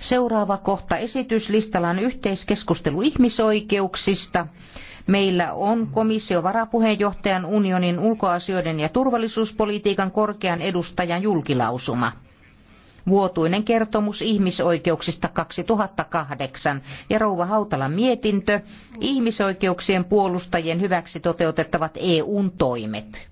Seuraava kohta esityslistalla on yhteiskeskustelu ihmisoikeuksista. Meillä on komission varapuheenjohtajan unionin ulkoasioiden ja turvallisuuspolitiikan korkean edustajan julkilausuma. Vuotuinen kertomus ihmisoikeuksista 2008 ja Rouva Hautalan mietintö ihmisoikeuksien puolustajien hyväksi toteutettavat EUn toimet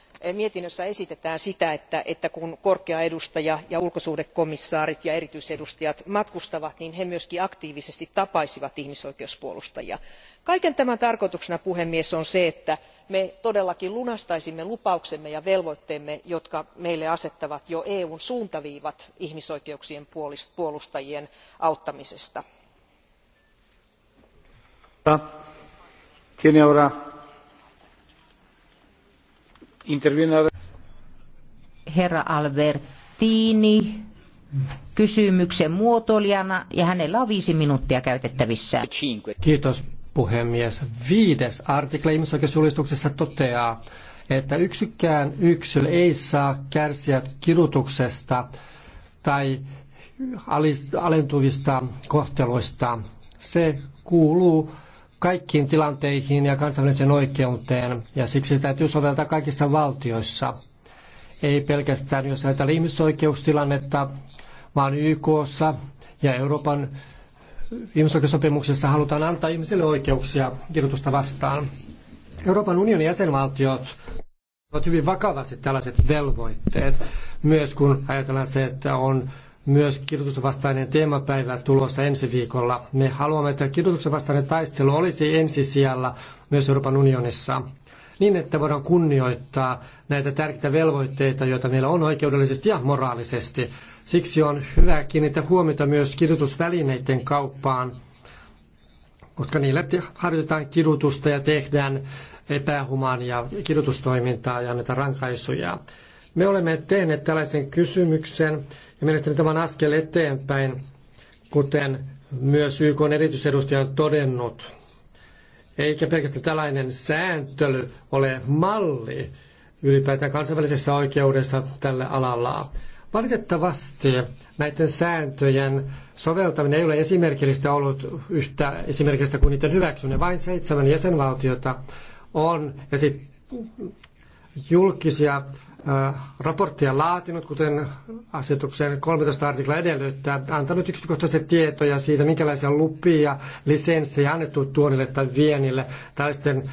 mietinnössä esitetään sitä että kun korkea edustaja ja ulkosuhdekomissaarit ja erityisedustajat matkustavat niin he myös aktiivisesti tapaisivat ihmisoikeuspuolustajia. kaiken tämän tarkoituksena on se että me todellakin lunastaisimme lupauksemme ja velvoitteemme jotka meille asettavat jo eun suuntaviivat ihmisoikeuksien puolustajien auttamisesta. Herra Albertini kysymyksen muotoilijana ja hänellä on viisi minuuttia käytettävissä. Kiitos puhemies. Viides artikla ihmisoikeusjulistuksessa toteaa, että yksikään yksilö ei saa kärsiä kidutuksesta tai alentuvista kohteluista. Se kuuluu kaikkiin tilanteihin ja kansainväliseen oikeuteen, ja siksi se täytyy soveltaa kaikissa valtioissa. Ei pelkästään, jos ajatellaan ihmisoikeustilannetta, vaan YKssa ja Euroopan ihmisoikeussopimuksessa halutaan antaa ihmisille oikeuksia kirjoitusta vastaan. Euroopan unionin jäsenvaltiot ovat hyvin vakavasti tällaiset velvoitteet, myös kun ajatellaan se, että on myös kidutuksen vastainen teemapäivä tulossa ensi viikolla. Me haluamme, että kidutuksen vastainen taistelu olisi ensisijalla myös Euroopan unionissa niin, että voidaan kunnioittaa näitä tärkeitä velvoitteita, joita meillä on oikeudellisesti ja moraalisesti. Siksi on hyvä kiinnittää huomiota myös kidutusvälineiden kauppaan, koska niillä harjoitetaan kidutusta ja tehdään epähumaania kidutustoimintaa ja näitä rankaisuja. Me olemme tehneet tällaisen kysymyksen ja mielestäni tämä on askel eteenpäin, kuten myös YK on erityisedustaja on todennut. Eikä pelkästään tällainen sääntely ole malli ylipäätään kansainvälisessä oikeudessa tällä alalla. Valitettavasti näiden sääntöjen soveltaminen ei ole esimerkillistä ollut yhtä esimerkillistä kuin niiden hyväksyminen. Vain seitsemän jäsenvaltiota on esit- julkisia raporttia laatinut, kuten asetuksen 13 artikla edellyttää, antanut yksityiskohtaisia tietoja siitä, minkälaisia lupia, lisenssejä annettu tuonille tai vienille tällaisten,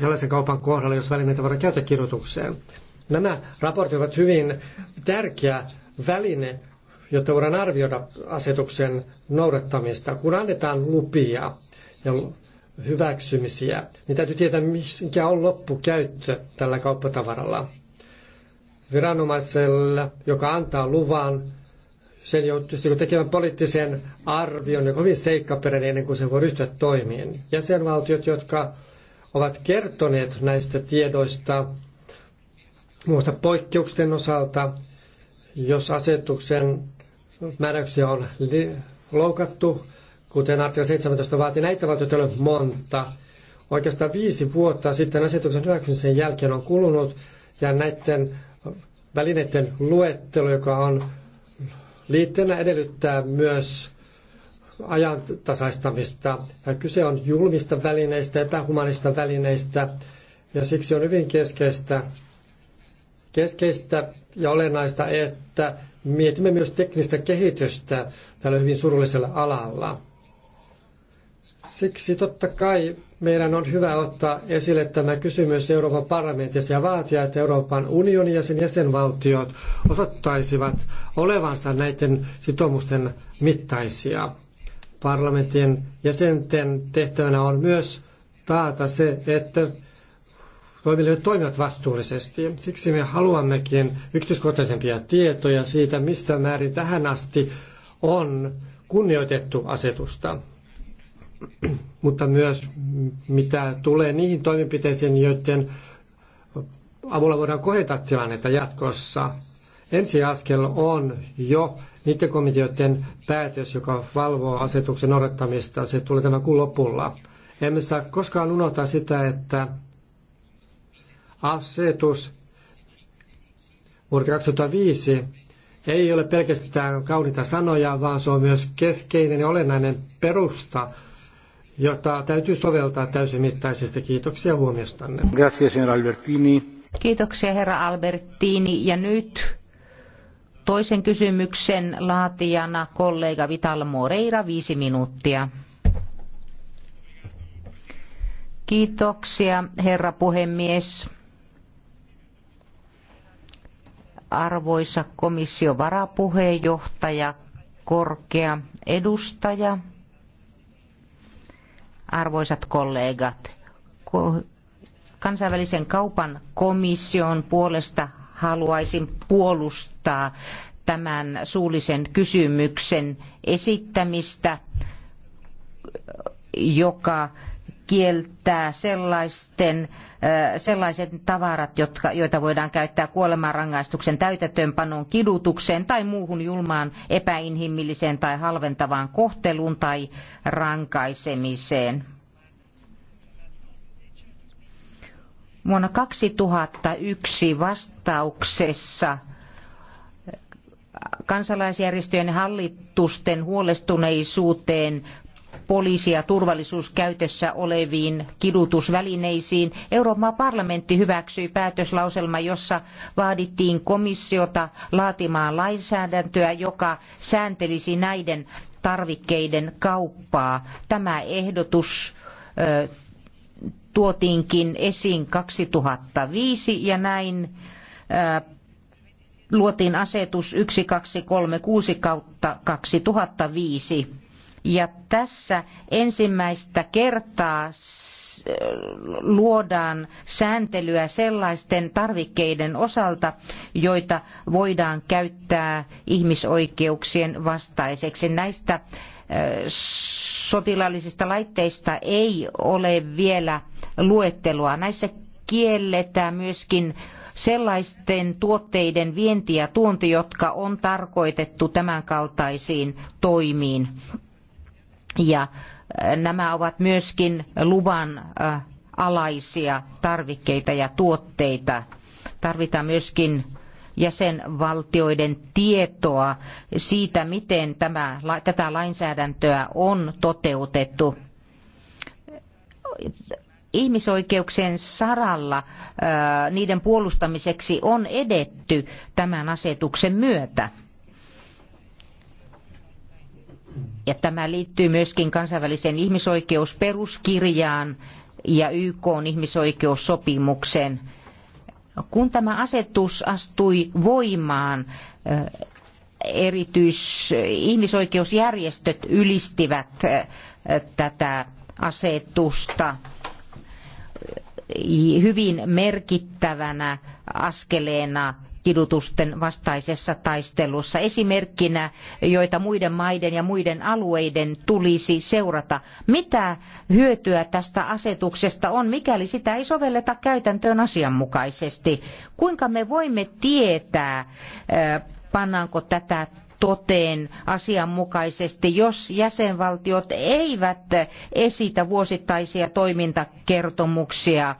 tällaisen kaupan kohdalla, jos välineitä voidaan käyttää kirjoitukseen. Nämä raportit ovat hyvin tärkeä väline, jotta voidaan arvioida asetuksen noudattamista, kun annetaan lupia ja hyväksymisiä, niin täytyy tietää, mikä on loppukäyttö tällä kauppatavaralla viranomaisella, joka antaa luvan, sen joutuu tekemään poliittisen arvion, joka niin on hyvin seikkaperäinen ennen kuin se voi ryhtyä toimiin. Jäsenvaltiot, jotka ovat kertoneet näistä tiedoista, muusta poikkeuksien osalta, jos asetuksen määräyksiä on loukattu, kuten artikla 17 vaatii, näitä valtioita ei ole monta. Oikeastaan viisi vuotta sitten asetuksen hyväksymisen jälkeen on kulunut, ja näiden välineiden luettelo, joka on liitteenä edellyttää myös ajantasaistamista. Ja kyse on julmista välineistä, epähumanista välineistä, ja siksi on hyvin keskeistä, keskeistä ja olennaista, että mietimme myös teknistä kehitystä tällä hyvin surullisella alalla. Siksi totta kai meidän on hyvä ottaa esille tämä kysymys Euroopan parlamentissa ja vaatia, että Euroopan unioni ja sen jäsenvaltiot osoittaisivat olevansa näiden sitoumusten mittaisia. Parlamentin jäsenten tehtävänä on myös taata se, että toimijat toimivat vastuullisesti. Siksi me haluammekin yksityiskohtaisempia tietoja siitä, missä määrin tähän asti on kunnioitettu asetusta mutta myös mitä tulee niihin toimenpiteisiin, joiden avulla voidaan kohdata tilannetta jatkossa. Ensiaskel on jo niiden komiteoiden päätös, joka valvoo asetuksen noudattamista. Se tulee tämän kuun lopulla. Emme saa koskaan unohtaa sitä, että asetus vuodelta 2005 ei ole pelkästään kauniita sanoja, vaan se on myös keskeinen ja olennainen perusta jota täytyy soveltaa täysimittaisesti. Kiitoksia huomiostanne. Gracias, señor Albertini. Kiitoksia, herra Albertini. Ja nyt toisen kysymyksen laatijana kollega Vital Moreira, viisi minuuttia. Kiitoksia, herra puhemies. Arvoisa komission varapuheenjohtaja, korkea edustaja, Arvoisat kollegat, kansainvälisen kaupan komission puolesta haluaisin puolustaa tämän suullisen kysymyksen esittämistä, joka kieltää sellaisten sellaiset tavarat, jotka, joita voidaan käyttää kuolemanrangaistuksen täytäntöönpanoon, kidutukseen tai muuhun julmaan, epäinhimilliseen tai halventavaan kohteluun tai rankaisemiseen. Vuonna 2001 vastauksessa kansalaisjärjestöjen hallitusten huolestuneisuuteen poliisi- ja turvallisuuskäytössä oleviin kidutusvälineisiin. Euroopan parlamentti hyväksyi päätöslauselman, jossa vaadittiin komissiota laatimaan lainsäädäntöä, joka sääntelisi näiden tarvikkeiden kauppaa. Tämä ehdotus ö, tuotiinkin esiin 2005 ja näin ö, luotiin asetus 1236 kautta 2005 ja tässä ensimmäistä kertaa luodaan sääntelyä sellaisten tarvikkeiden osalta, joita voidaan käyttää ihmisoikeuksien vastaiseksi. Näistä sotilaallisista laitteista ei ole vielä luettelua. Näissä kielletään myöskin sellaisten tuotteiden vienti ja tuonti, jotka on tarkoitettu tämänkaltaisiin toimiin. Ja äh, nämä ovat myöskin luvan äh, alaisia tarvikkeita ja tuotteita. Tarvitaan myöskin jäsenvaltioiden tietoa siitä, miten tämä, tätä lainsäädäntöä on toteutettu. Ihmisoikeuksien saralla äh, niiden puolustamiseksi on edetty tämän asetuksen myötä. Ja tämä liittyy myöskin kansainvälisen ihmisoikeusperuskirjaan ja YK on ihmisoikeussopimukseen. Kun tämä asetus astui voimaan, eh, erityis ihmisoikeusjärjestöt ylistivät eh, tätä asetusta hyvin merkittävänä askeleena kidutusten vastaisessa taistelussa. Esimerkkinä, joita muiden maiden ja muiden alueiden tulisi seurata. Mitä hyötyä tästä asetuksesta on, mikäli sitä ei sovelleta käytäntöön asianmukaisesti? Kuinka me voimme tietää, eh, pannaanko tätä toteen asianmukaisesti, jos jäsenvaltiot eivät esitä vuosittaisia toimintakertomuksia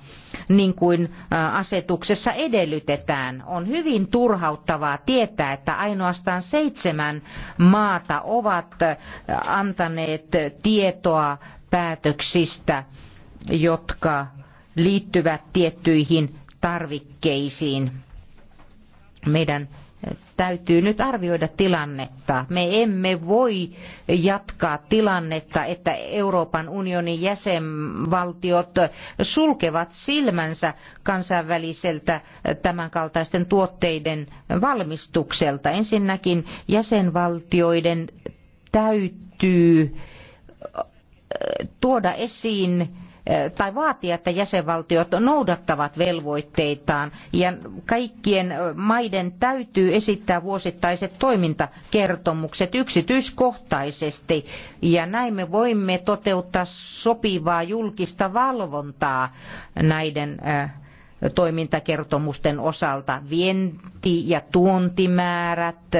niin kuin asetuksessa edellytetään. On hyvin turhauttavaa tietää, että ainoastaan seitsemän maata ovat antaneet tietoa päätöksistä, jotka liittyvät tiettyihin tarvikkeisiin. Meidän täytyy nyt arvioida tilannetta. Me emme voi jatkaa tilannetta, että Euroopan unionin jäsenvaltiot sulkevat silmänsä kansainväliseltä tämänkaltaisten tuotteiden valmistukselta. Ensinnäkin jäsenvaltioiden täytyy tuoda esiin Eh, tai vaatia, että jäsenvaltiot noudattavat velvoitteitaan ja kaikkien eh, maiden täytyy esittää vuosittaiset toimintakertomukset yksityiskohtaisesti ja näin me voimme toteuttaa sopivaa julkista valvontaa näiden eh, toimintakertomusten osalta vienti- ja tuontimäärät,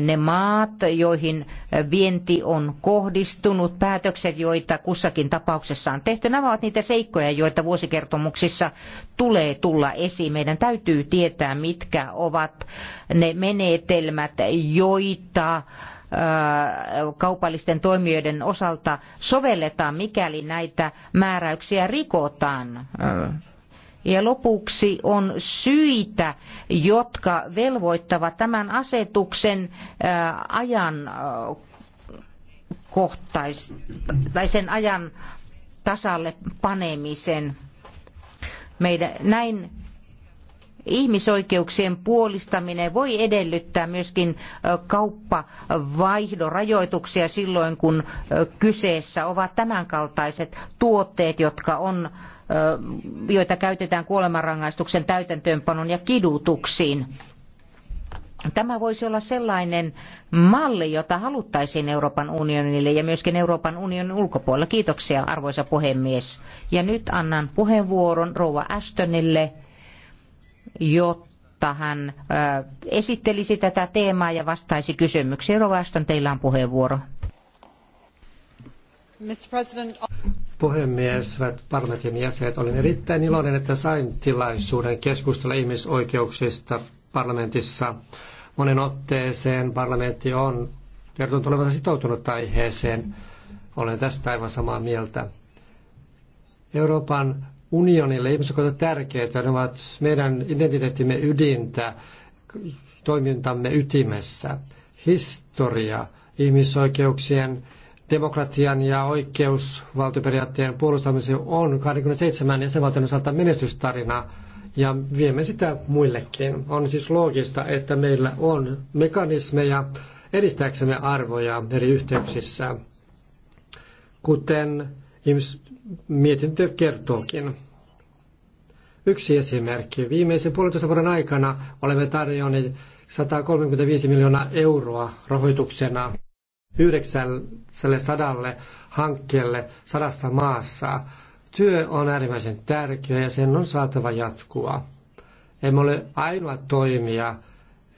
ne maat, joihin vienti on kohdistunut, päätökset, joita kussakin tapauksessa on tehty. Nämä ovat niitä seikkoja, joita vuosikertomuksissa tulee tulla esiin. Meidän täytyy tietää, mitkä ovat ne menetelmät, joita äh, kaupallisten toimijoiden osalta sovelletaan, mikäli näitä määräyksiä rikotaan äh, ja lopuksi on syitä, jotka velvoittavat tämän asetuksen äh, ajan äh, kohtais, tai sen ajan tasalle panemisen. Meidän, näin ihmisoikeuksien puolistaminen voi edellyttää myöskin äh, kauppavaihdon rajoituksia silloin, kun kyseessä ovat tämänkaltaiset tuotteet, jotka on joita käytetään kuolemanrangaistuksen täytäntöönpanon ja kidutuksiin. Tämä voisi olla sellainen malli, jota haluttaisiin Euroopan unionille ja myöskin Euroopan unionin ulkopuolella. Kiitoksia, arvoisa puhemies. Ja nyt annan puheenvuoron rouva Ashtonille, jotta hän esittelisi tätä teemaa ja vastaisi kysymyksiin. Rouva Ashton, teillä on puheenvuoro puhemies, hyvät parlamentin jäsenet. Olen erittäin iloinen, että sain tilaisuuden keskustella ihmisoikeuksista parlamentissa monen otteeseen. Parlamentti on kertonut olevansa sitoutunut aiheeseen. Olen tästä aivan samaa mieltä. Euroopan unionille ihmisoikeudet tärkeitä. Ne ovat meidän identiteettimme ydintä, toimintamme ytimessä. Historia, ihmisoikeuksien demokratian ja oikeusvaltioperiaatteen puolustamisen on 27 jäsenvaltion osalta menestystarina ja viemme sitä muillekin. On siis loogista, että meillä on mekanismeja edistääksemme arvoja eri yhteyksissä, kuten mietintö kertookin. Yksi esimerkki. Viimeisen puolitoista vuoden aikana olemme tarjonneet 135 miljoonaa euroa rahoituksena 900 hankkeelle sadassa maassa. Työ on äärimmäisen tärkeä ja sen on saatava jatkua. Emme ole ainoa toimija,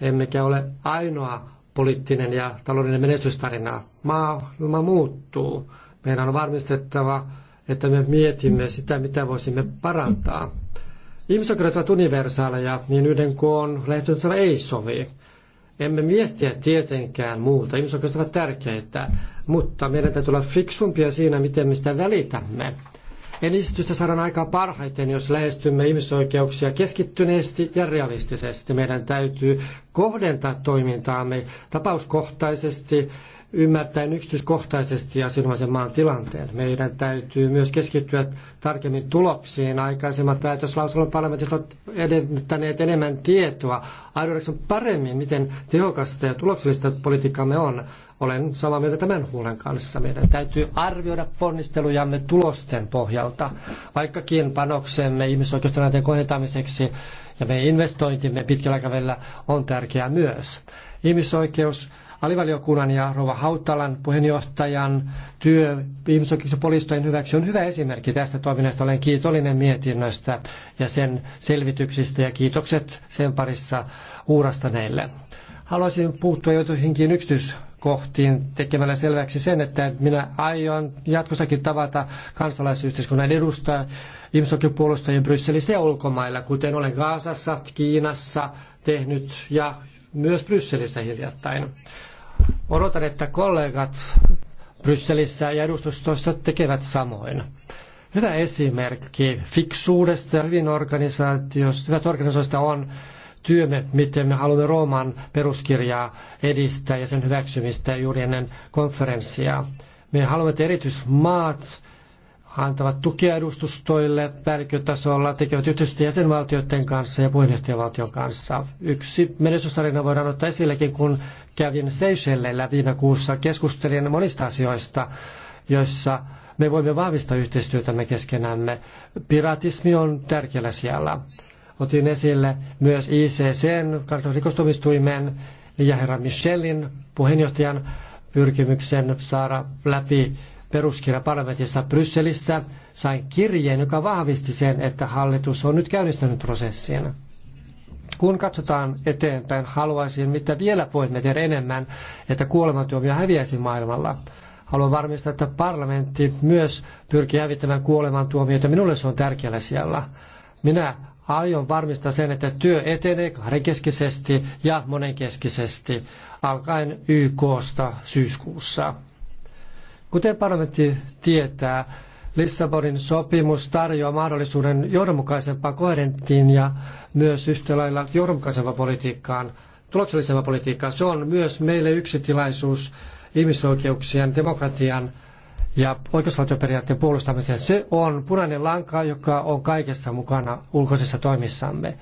emmekä ole ainoa poliittinen ja taloudellinen menestystarina. Maailma muuttuu. Meidän on varmistettava, että me mietimme sitä, mitä voisimme parantaa. Ihmisoikeudet ovat universaaleja, niin yhden koon lähtenyt, ei sovi. Emme miestiä tietenkään muuta, ihmisoikeudet ovat tärkeitä, mutta meidän täytyy olla fiksumpia siinä, miten me sitä välitämme. Edistystä saadaan aikaa parhaiten, jos lähestymme ihmisoikeuksia keskittyneesti ja realistisesti. Meidän täytyy kohdentaa toimintaamme tapauskohtaisesti ymmärtäen yksityiskohtaisesti asianomaisen maan tilanteen. Meidän täytyy myös keskittyä tarkemmin tuloksiin. Aikaisemmat päätöslauselman parlamentit ovat edellyttäneet enemmän tietoa. Aidoidaksen paremmin, miten tehokasta ja tuloksellista politiikkaamme on. Olen samaa mieltä tämän huolen kanssa. Meidän täytyy arvioida ponnistelujamme tulosten pohjalta, vaikkakin panoksemme ihmisoikeustilanteen kohentamiseksi ja meidän investointimme pitkällä aikavälillä on tärkeää myös. Ihmisoikeus alivaliokunnan ja Rova Hautalan puheenjohtajan työ ihmisoikeuksien poliistojen hyväksi on hyvä esimerkki tästä toiminnasta. Olen kiitollinen mietinnöstä ja sen selvityksistä ja kiitokset sen parissa uurastaneille. Haluaisin puuttua joihinkin yksityiskohtiin tekemällä selväksi sen, että minä aion jatkossakin tavata kansalaisyhteiskunnan edustajia ihmisoikeuspuolustajien Brysselissä ja ulkomailla, kuten olen Gaasassa, Kiinassa tehnyt ja myös Brysselissä hiljattain. Odotan, että kollegat Brysselissä ja edustustoissa tekevät samoin. Hyvä esimerkki fiksuudesta ja hyvin organisaatiosta, hyvästä organisaatiosta on työmme, miten me haluamme Rooman peruskirjaa edistää ja sen hyväksymistä juuri ennen konferenssia. Me haluamme, että erityismaat antavat tukea edustustoille päällikkötasolla, tekevät yhteistyötä jäsenvaltioiden kanssa ja puheenjohtajavaltion kanssa. Yksi menestystarina voidaan ottaa esillekin, kun kävin Seychellellä viime kuussa keskustelin monista asioista, joissa me voimme vahvistaa yhteistyötämme keskenämme. Piratismi on tärkeällä siellä. Otin esille myös ICCn, kansanrikostumistuimen ja herra Michelin puheenjohtajan pyrkimyksen saada läpi peruskirja parlamentissa Brysselissä. Sain kirjeen, joka vahvisti sen, että hallitus on nyt käynnistänyt prosessin. Kun katsotaan eteenpäin, haluaisin, mitä vielä voimme tehdä enemmän, että kuolemantuomio häviäisi maailmalla. Haluan varmistaa, että parlamentti myös pyrkii hävittämään kuolemantuomioita. Minulle se on tärkeällä siellä. Minä aion varmistaa sen, että työ etenee kahdenkeskisesti ja monenkeskisesti alkaen YKsta syyskuussa. Kuten parlamentti tietää, Lissabonin sopimus tarjoaa mahdollisuuden johdonmukaisempaan koherenttiin ja myös yhtä lailla johdonmukaisempaan politiikkaan, tuloksellisempaan politiikkaan. Se on myös meille yksi tilaisuus ihmisoikeuksien, demokratian ja oikeusvaltioperiaatteen puolustamiseen. Se on punainen lanka, joka on kaikessa mukana ulkoisissa toimissamme.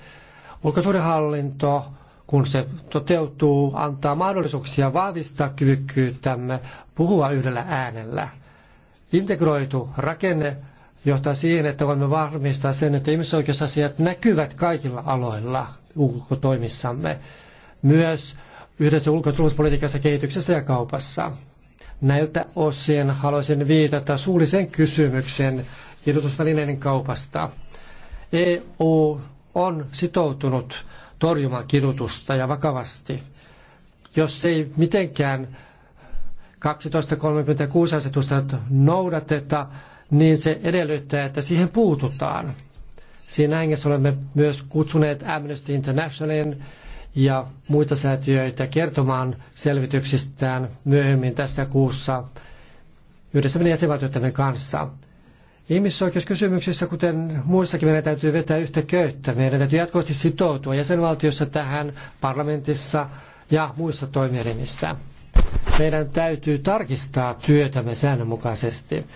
Ulkosuudenhallinto, kun se toteutuu, antaa mahdollisuuksia vahvistaa kyvykkyyttämme puhua yhdellä äänellä – Integroitu rakenne johtaa siihen, että voimme varmistaa sen, että ihmisoikeusasiat näkyvät kaikilla aloilla ulkotoimissamme, myös yhdessä ulko- ja kehityksessä ja kaupassa. Näiltä osin haluaisin viitata suullisen kysymyksen tiedotusvälineiden kaupasta. EU on sitoutunut torjumaan kidutusta ja vakavasti. Jos ei mitenkään 1236 asetusta noudateta, niin se edellyttää, että siihen puututaan. Siinä hengessä olemme myös kutsuneet Amnesty Internationalin ja muita säätiöitä kertomaan selvityksistään myöhemmin tässä kuussa yhdessä meidän jäsenvaltioittamme kanssa. Ihmisoikeuskysymyksissä, kuten muissakin, meidän täytyy vetää yhtä köyttä. Meidän täytyy jatkuvasti sitoutua jäsenvaltiossa tähän parlamentissa ja muissa toimielimissä. Meidän täytyy tarkistaa työtämme säännönmukaisesti,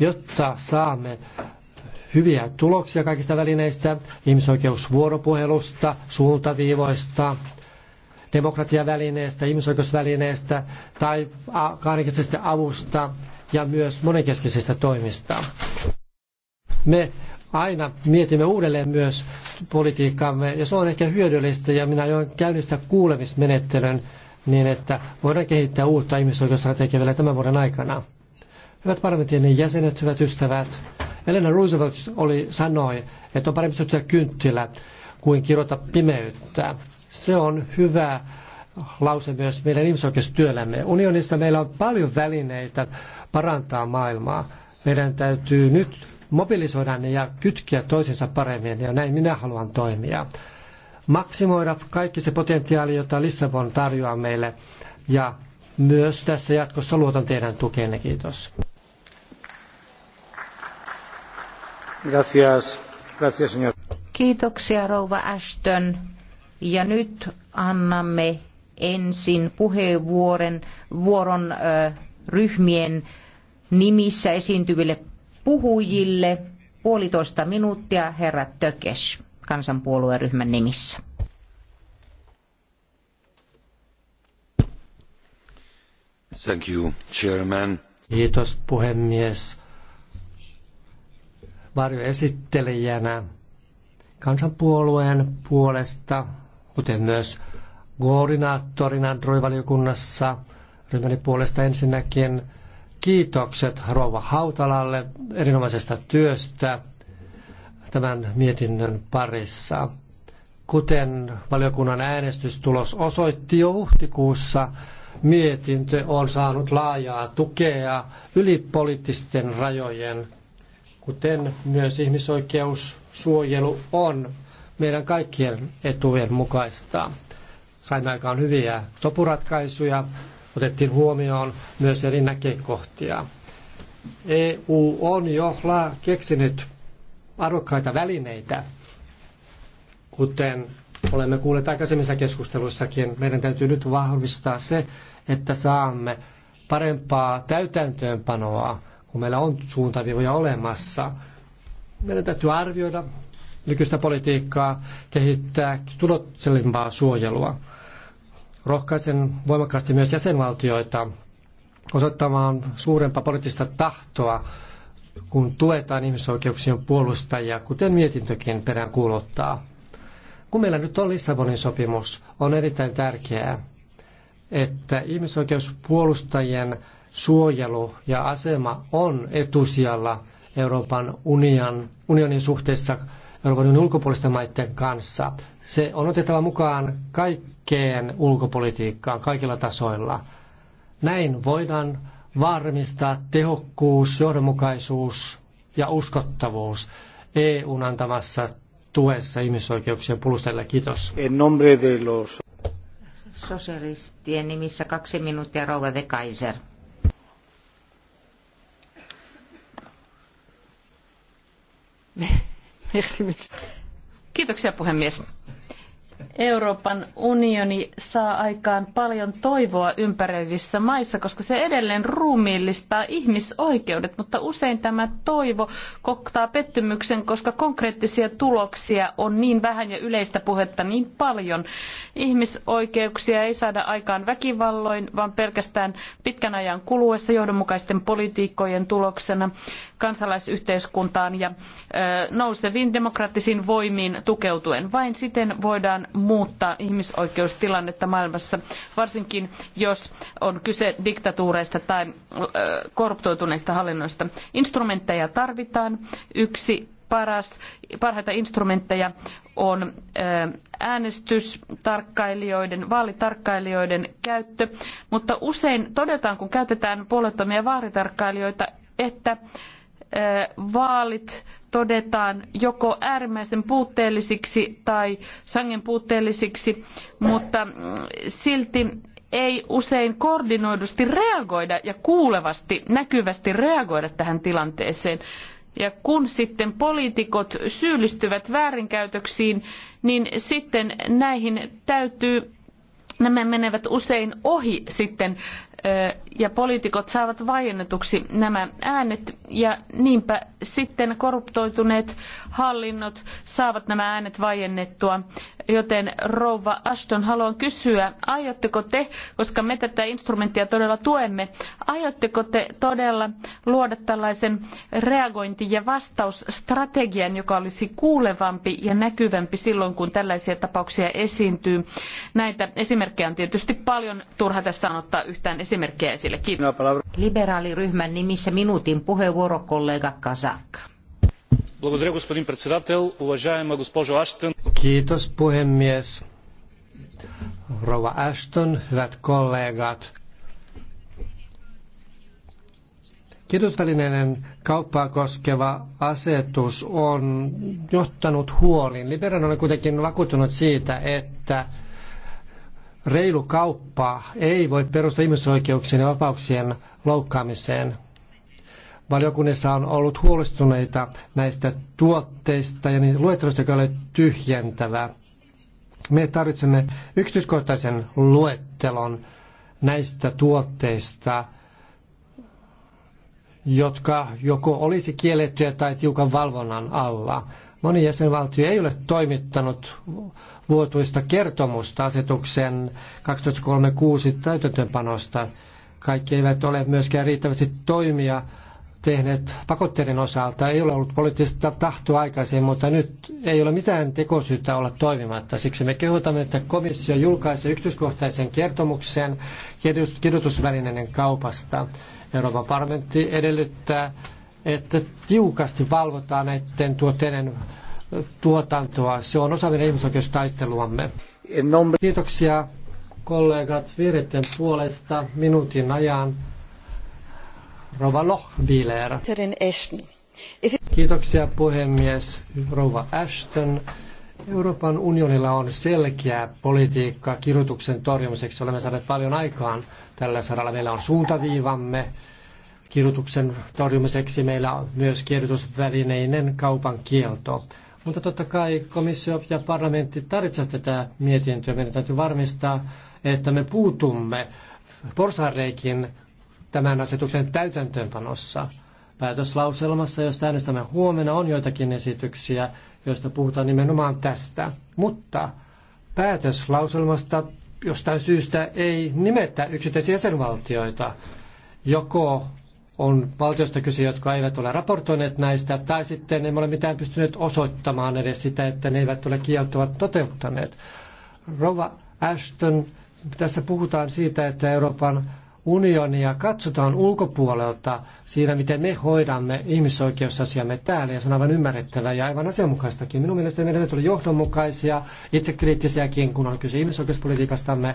jotta saamme hyviä tuloksia kaikista välineistä, ihmisoikeusvuoropuhelusta, suuntaviivoista, demokratiavälineestä, ihmisoikeusvälineestä tai kahdenkeskisestä avusta ja myös monenkeskisistä toimista. Me aina mietimme uudelleen myös politiikkaamme ja se on ehkä hyödyllistä ja minä join käynnistä kuulemismenettelyn niin että voidaan kehittää uutta ihmisoikeusstrategiaa vielä tämän vuoden aikana. Hyvät parlamentin jäsenet, hyvät ystävät, Elena Roosevelt oli, sanoi, että on parempi syttyä kynttilä kuin kirjoittaa pimeyttä. Se on hyvä lause myös meidän ihmisoikeustyöllämme. Unionissa meillä on paljon välineitä parantaa maailmaa. Meidän täytyy nyt mobilisoida ne ja kytkeä toisensa paremmin, ja näin minä haluan toimia maksimoida kaikki se potentiaali, jota Lissabon tarjoaa meille. Ja myös tässä jatkossa luotan teidän tukeenne. Kiitos. Gracias. Gracias, señor. Kiitoksia, rouva Ashton. Ja nyt annamme ensin puheenvuoron vuoron, ö, ryhmien nimissä esiintyville puhujille. Puolitoista minuuttia, herra Tökes kansanpuolueryhmän nimissä. Thank you, chairman. Kiitos puhemies. Varjoesittelijänä kansanpuolueen puolesta, kuten myös koordinaattorina android ryhmäni puolesta ensinnäkin kiitokset Rouva Hautalalle erinomaisesta työstä tämän mietinnön parissa. Kuten valiokunnan äänestystulos osoitti jo huhtikuussa, mietintö on saanut laajaa tukea yli poliittisten rajojen, kuten myös ihmisoikeussuojelu on meidän kaikkien etujen mukaista. Saimme aikaan hyviä sopuratkaisuja, otettiin huomioon myös eri näkökohtia. EU on jo keksinyt arvokkaita välineitä, kuten olemme kuulleet aikaisemmissa keskusteluissakin. Meidän täytyy nyt vahvistaa se, että saamme parempaa täytäntöönpanoa, kun meillä on suuntaviivoja olemassa. Meidän täytyy arvioida nykyistä politiikkaa, kehittää tuloksellempaa suojelua. Rohkaisen voimakkaasti myös jäsenvaltioita osoittamaan suurempaa poliittista tahtoa kun tuetaan ihmisoikeuksien puolustajia, kuten mietintökin perään kuuluttaa. Kun meillä nyt on Lissabonin sopimus, on erittäin tärkeää, että ihmisoikeuspuolustajien suojelu ja asema on etusijalla Euroopan union, unionin suhteessa Euroopan unionin ulkopuolisten maiden kanssa. Se on otettava mukaan kaikkeen ulkopolitiikkaan kaikilla tasoilla. Näin voidaan varmistaa tehokkuus, johdonmukaisuus ja uskottavuus EUn antamassa tuessa ihmisoikeuksien puolustajille. Kiitos. En nombre de los... Sosialistien nimissä kaksi minuuttia, Rouva de Kaiser. Kiitoksia puhemies. Euroopan unioni saa aikaan paljon toivoa ympäröivissä maissa, koska se edelleen ruumiillistaa ihmisoikeudet, mutta usein tämä toivo koktaa pettymyksen, koska konkreettisia tuloksia on niin vähän ja yleistä puhetta niin paljon. Ihmisoikeuksia ei saada aikaan väkivalloin, vaan pelkästään pitkän ajan kuluessa johdonmukaisten politiikkojen tuloksena kansalaisyhteiskuntaan ja nouseviin demokraattisiin voimiin tukeutuen. Vain siten voidaan muuttaa ihmisoikeustilannetta maailmassa, varsinkin jos on kyse diktatuureista tai korruptoituneista hallinnoista. Instrumentteja tarvitaan. Yksi paras, parhaita instrumentteja on äänestystarkkailijoiden, vaalitarkkailijoiden käyttö, mutta usein todetaan, kun käytetään puolettomia vaalitarkkailijoita, että vaalit todetaan joko äärimmäisen puutteellisiksi tai sangen puutteellisiksi, mutta mm, silti ei usein koordinoidusti reagoida ja kuulevasti, näkyvästi reagoida tähän tilanteeseen. Ja kun sitten poliitikot syyllistyvät väärinkäytöksiin, niin sitten näihin täytyy Nämä menevät usein ohi sitten ja poliitikot saavat vaiennetuksi nämä äänet ja niinpä sitten korruptoituneet hallinnot saavat nämä äänet vaiennettua. Joten rouva Ashton, haluan kysyä, aiotteko te, koska me tätä instrumenttia todella tuemme, aiotteko te todella luoda tällaisen reagointi- ja vastausstrategian, joka olisi kuulevampi ja näkyvämpi silloin, kun tällaisia tapauksia esiintyy? Näitä esimerkkejä on tietysti paljon. Turha tässä on ottaa yhtään esimerkkejä esille. Kiitos. Liberaaliryhmän nimissä minuutin puheenvuoro kollega Kazak. Kiitos puhemies. Rova Ashton, hyvät kollegat. Kiitosvälineiden kauppaa koskeva asetus on johtanut huoliin. Liberan on kuitenkin vakuuttunut siitä, että reilu kauppa ei voi perustua ihmisoikeuksien ja vapauksien loukkaamiseen. Valiokunnissa on ollut huolestuneita näistä tuotteista ja niin luettelosta, joka ole tyhjentävä. Me tarvitsemme yksityiskohtaisen luettelon näistä tuotteista, jotka joko olisi kiellettyjä tai tiukan valvonnan alla. Moni jäsenvaltio ei ole toimittanut vuotuista kertomusta asetuksen 1236 täytäntöönpanosta. Kaikki eivät ole myöskään riittävästi toimia tehneet pakotteiden osalta. Ei ole ollut poliittista tahtoa aikaisemmin, mutta nyt ei ole mitään tekosyyttä olla toimimatta. Siksi me kehotamme, että komissio julkaisee yksityiskohtaisen kertomuksen kidutusvälineiden kaupasta. Euroopan parlamentti edellyttää, että tiukasti valvotaan näiden tuotteiden tuotantoa. Se on osa meidän ihmisoikeustaisteluamme. Kiitoksia kollegat vihreiden puolesta minuutin ajan. Rova Lochbieler. Kiitoksia puhemies. Rova Ashton. Euroopan unionilla on selkeä politiikka kidutuksen torjumiseksi. Olemme saaneet paljon aikaan tällä saralla. Meillä on suuntaviivamme kidutuksen torjumiseksi. Meillä on myös kidutusvälineinen kaupan kielto. Mutta totta kai komissio ja parlamentti tarvitsevat tätä mietintöä. Meidän täytyy varmistaa, että me puutumme porsareikin tämän asetuksen täytäntöönpanossa. Päätöslauselmassa, josta äänestämme huomenna, on joitakin esityksiä, joista puhutaan nimenomaan tästä. Mutta päätöslauselmasta jostain syystä ei nimetä yksittäisiä jäsenvaltioita. Joko on valtiosta kyse, jotka eivät ole raportoineet näistä, tai sitten emme ole mitään pystyneet osoittamaan edes sitä, että ne eivät ole kieltoa toteuttaneet. Rova Ashton, tässä puhutaan siitä, että Euroopan unionia katsotaan ulkopuolelta siinä, miten me hoidamme ihmisoikeusasiamme täällä, ja se on aivan ymmärrettävää ja aivan asianmukaistakin. Minun mielestäni meidän täytyy olla johdonmukaisia, itsekriittisiäkin, kun on kyse ihmisoikeuspolitiikastamme.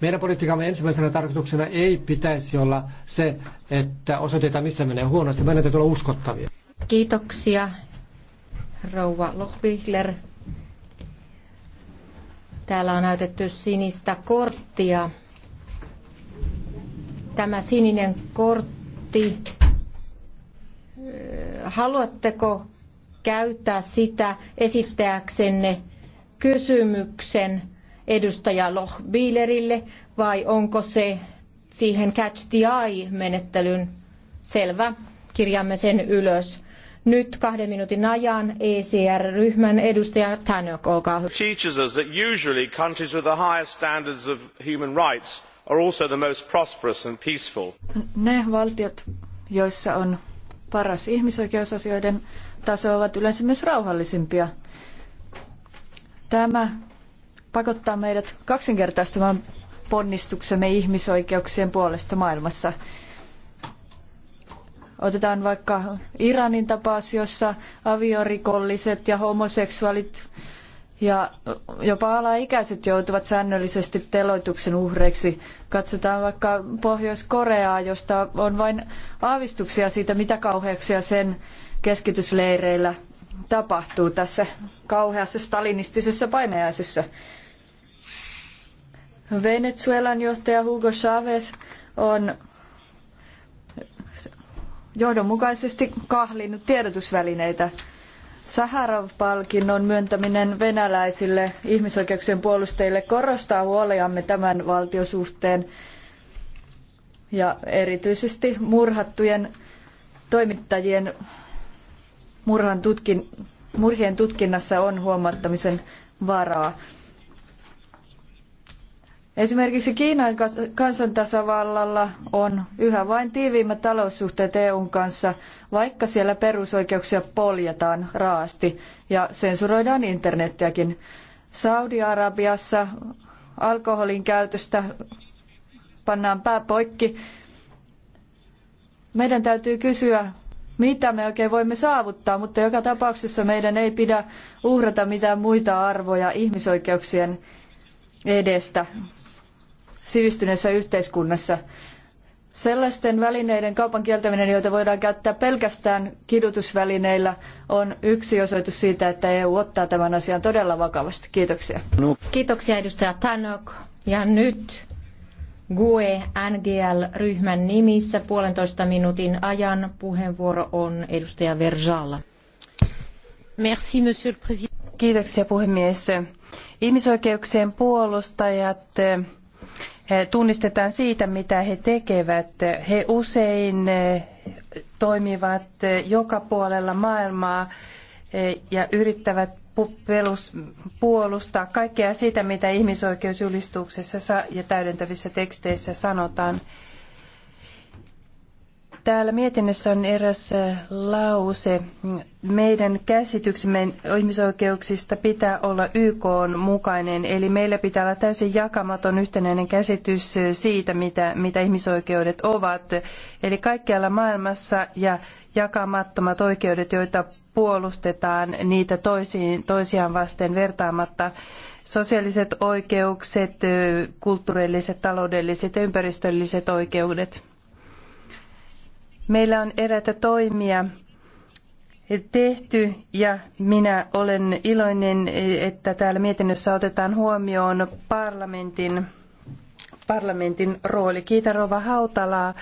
Meidän politiikamme ensimmäisenä tarkoituksena ei pitäisi olla se, että osoitetaan, missä menee huonosti. Meidän täytyy olla uskottavia. Kiitoksia, rouva Lohvihler. Täällä on näytetty sinistä korttia. Tämä sininen kortti. Äh, haluatteko käyttää sitä esittääksenne kysymyksen edustaja Bielerille vai onko se siihen catch the eye menettelyn selvä? Kirjaamme sen ylös. Nyt kahden minuutin ajan ECR-ryhmän edustaja Tanok, olkaa hyvä. Teaches us that usually countries with the highest standards of human rights are also the most prosperous and peaceful. Ne valtiot, joissa on paras ihmisoikeusasioiden taso, ovat yleensä myös rauhallisimpia. Tämä pakottaa meidät kaksinkertaistamaan ponnistuksemme ihmisoikeuksien puolesta maailmassa. Otetaan vaikka Iranin tapaus, jossa aviorikolliset ja homoseksuaalit ja jopa alaikäiset joutuvat säännöllisesti teloituksen uhreiksi. Katsotaan vaikka Pohjois-Koreaa, josta on vain aavistuksia siitä, mitä kauheuksia sen keskitysleireillä tapahtuu tässä kauheassa stalinistisessa painajaisessa. Venezuelan johtaja Hugo Chavez on johdonmukaisesti kahlinnut tiedotusvälineitä. Saharov-palkinnon myöntäminen venäläisille ihmisoikeuksien puolustajille korostaa huoliamme tämän valtiosuhteen ja erityisesti murhattujen toimittajien murhan tutkin, murhien tutkinnassa on huomattamisen varaa. Esimerkiksi Kiinan kansantasavallalla on yhä vain tiiviimmät taloussuhteet EUn kanssa, vaikka siellä perusoikeuksia poljetaan raasti ja sensuroidaan internettiäkin. Saudi-Arabiassa alkoholin käytöstä pannaan pää poikki. Meidän täytyy kysyä, mitä me oikein voimme saavuttaa, mutta joka tapauksessa meidän ei pidä uhrata mitään muita arvoja ihmisoikeuksien edestä sivistyneessä yhteiskunnassa. Sellaisten välineiden kaupan kieltäminen, joita voidaan käyttää pelkästään kidutusvälineillä, on yksi osoitus siitä, että EU ottaa tämän asian todella vakavasti. Kiitoksia. No. Kiitoksia edustaja Tanok. Ja nyt GUE NGL-ryhmän nimissä puolentoista minuutin ajan puheenvuoro on edustaja Verjalla. Merci, monsieur le président. Kiitoksia puhemies. Ihmisoikeuksien puolustajat tunnistetaan siitä, mitä he tekevät. He usein eh, toimivat eh, joka puolella maailmaa eh, ja yrittävät puolustaa kaikkea sitä, mitä ihmisoikeusjulistuksessa ja täydentävissä teksteissä sanotaan. Täällä mietinnössä on eräs äh, lause. Meidän käsityksemme ihmisoikeuksista pitää olla YK mukainen, eli meillä pitää olla täysin jakamaton yhtenäinen käsitys äh, siitä, mitä, mitä ihmisoikeudet ovat. Eli kaikkialla maailmassa ja jakamattomat oikeudet, joita puolustetaan niitä toisiin, toisiaan vasten vertaamatta sosiaaliset oikeukset, äh, kulttuurilliset, taloudelliset ja ympäristölliset oikeudet. Meillä on eräitä toimia tehty ja minä olen iloinen, että täällä mietinnössä otetaan huomioon parlamentin, parlamentin rooli. Kiitän Rova Hautalaa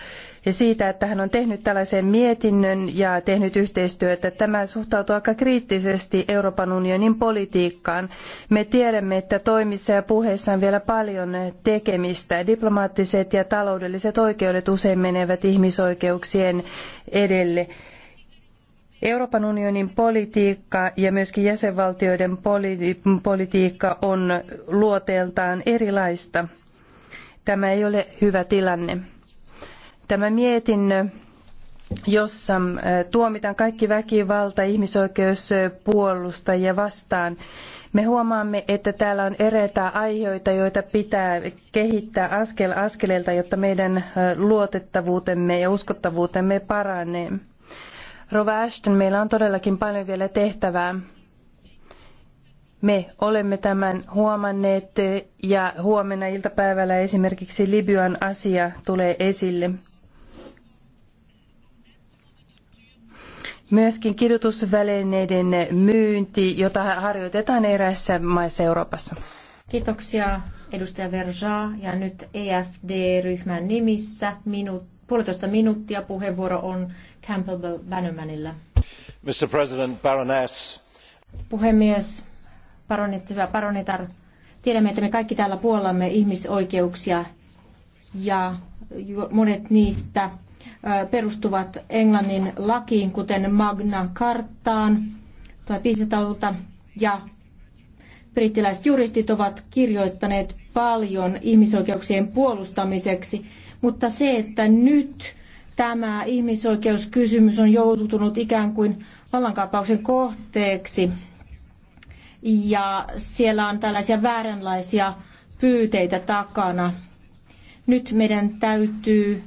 ja siitä, että hän on tehnyt tällaisen mietinnön ja tehnyt yhteistyötä. Tämä suhtautuu aika kriittisesti Euroopan unionin politiikkaan. Me tiedämme, että toimissa ja puheissa on vielä paljon tekemistä. Diplomaattiset ja taloudelliset oikeudet usein menevät ihmisoikeuksien edelle. Euroopan unionin politiikka ja myöskin jäsenvaltioiden politiikka on luoteeltaan erilaista. Tämä ei ole hyvä tilanne. Tämä mietinnö, jossa äh, tuomitaan kaikki väkivalta ihmisoikeuspuolustajia vastaan, me huomaamme, että täällä on eräitä aiheita, joita pitää kehittää askel askeleelta, jotta meidän äh, luotettavuutemme ja uskottavuutemme paranee. Rova Ashton, meillä on todellakin paljon vielä tehtävää. Me olemme tämän huomanneet äh, ja huomenna iltapäivällä esimerkiksi Libyan asia tulee esille. Myöskin kidutusvälineiden myynti, jota harjoitetaan eräissä maissa Euroopassa. Kiitoksia edustaja Verja ja nyt EFD-ryhmän nimissä minuut, puolitoista minuuttia puheenvuoro on Campbell Bannermanilla. Mr. President, Baroness. Puhemies, baronit, hyvä baronitar, tiedämme, että me kaikki täällä puolamme ihmisoikeuksia ja monet niistä perustuvat Englannin lakiin, kuten Magna Carttaan 1500-luvulta, ja brittiläiset juristit ovat kirjoittaneet paljon ihmisoikeuksien puolustamiseksi, mutta se, että nyt tämä ihmisoikeuskysymys on joutunut ikään kuin vallankaappauksen kohteeksi, ja siellä on tällaisia vääränlaisia pyyteitä takana. Nyt meidän täytyy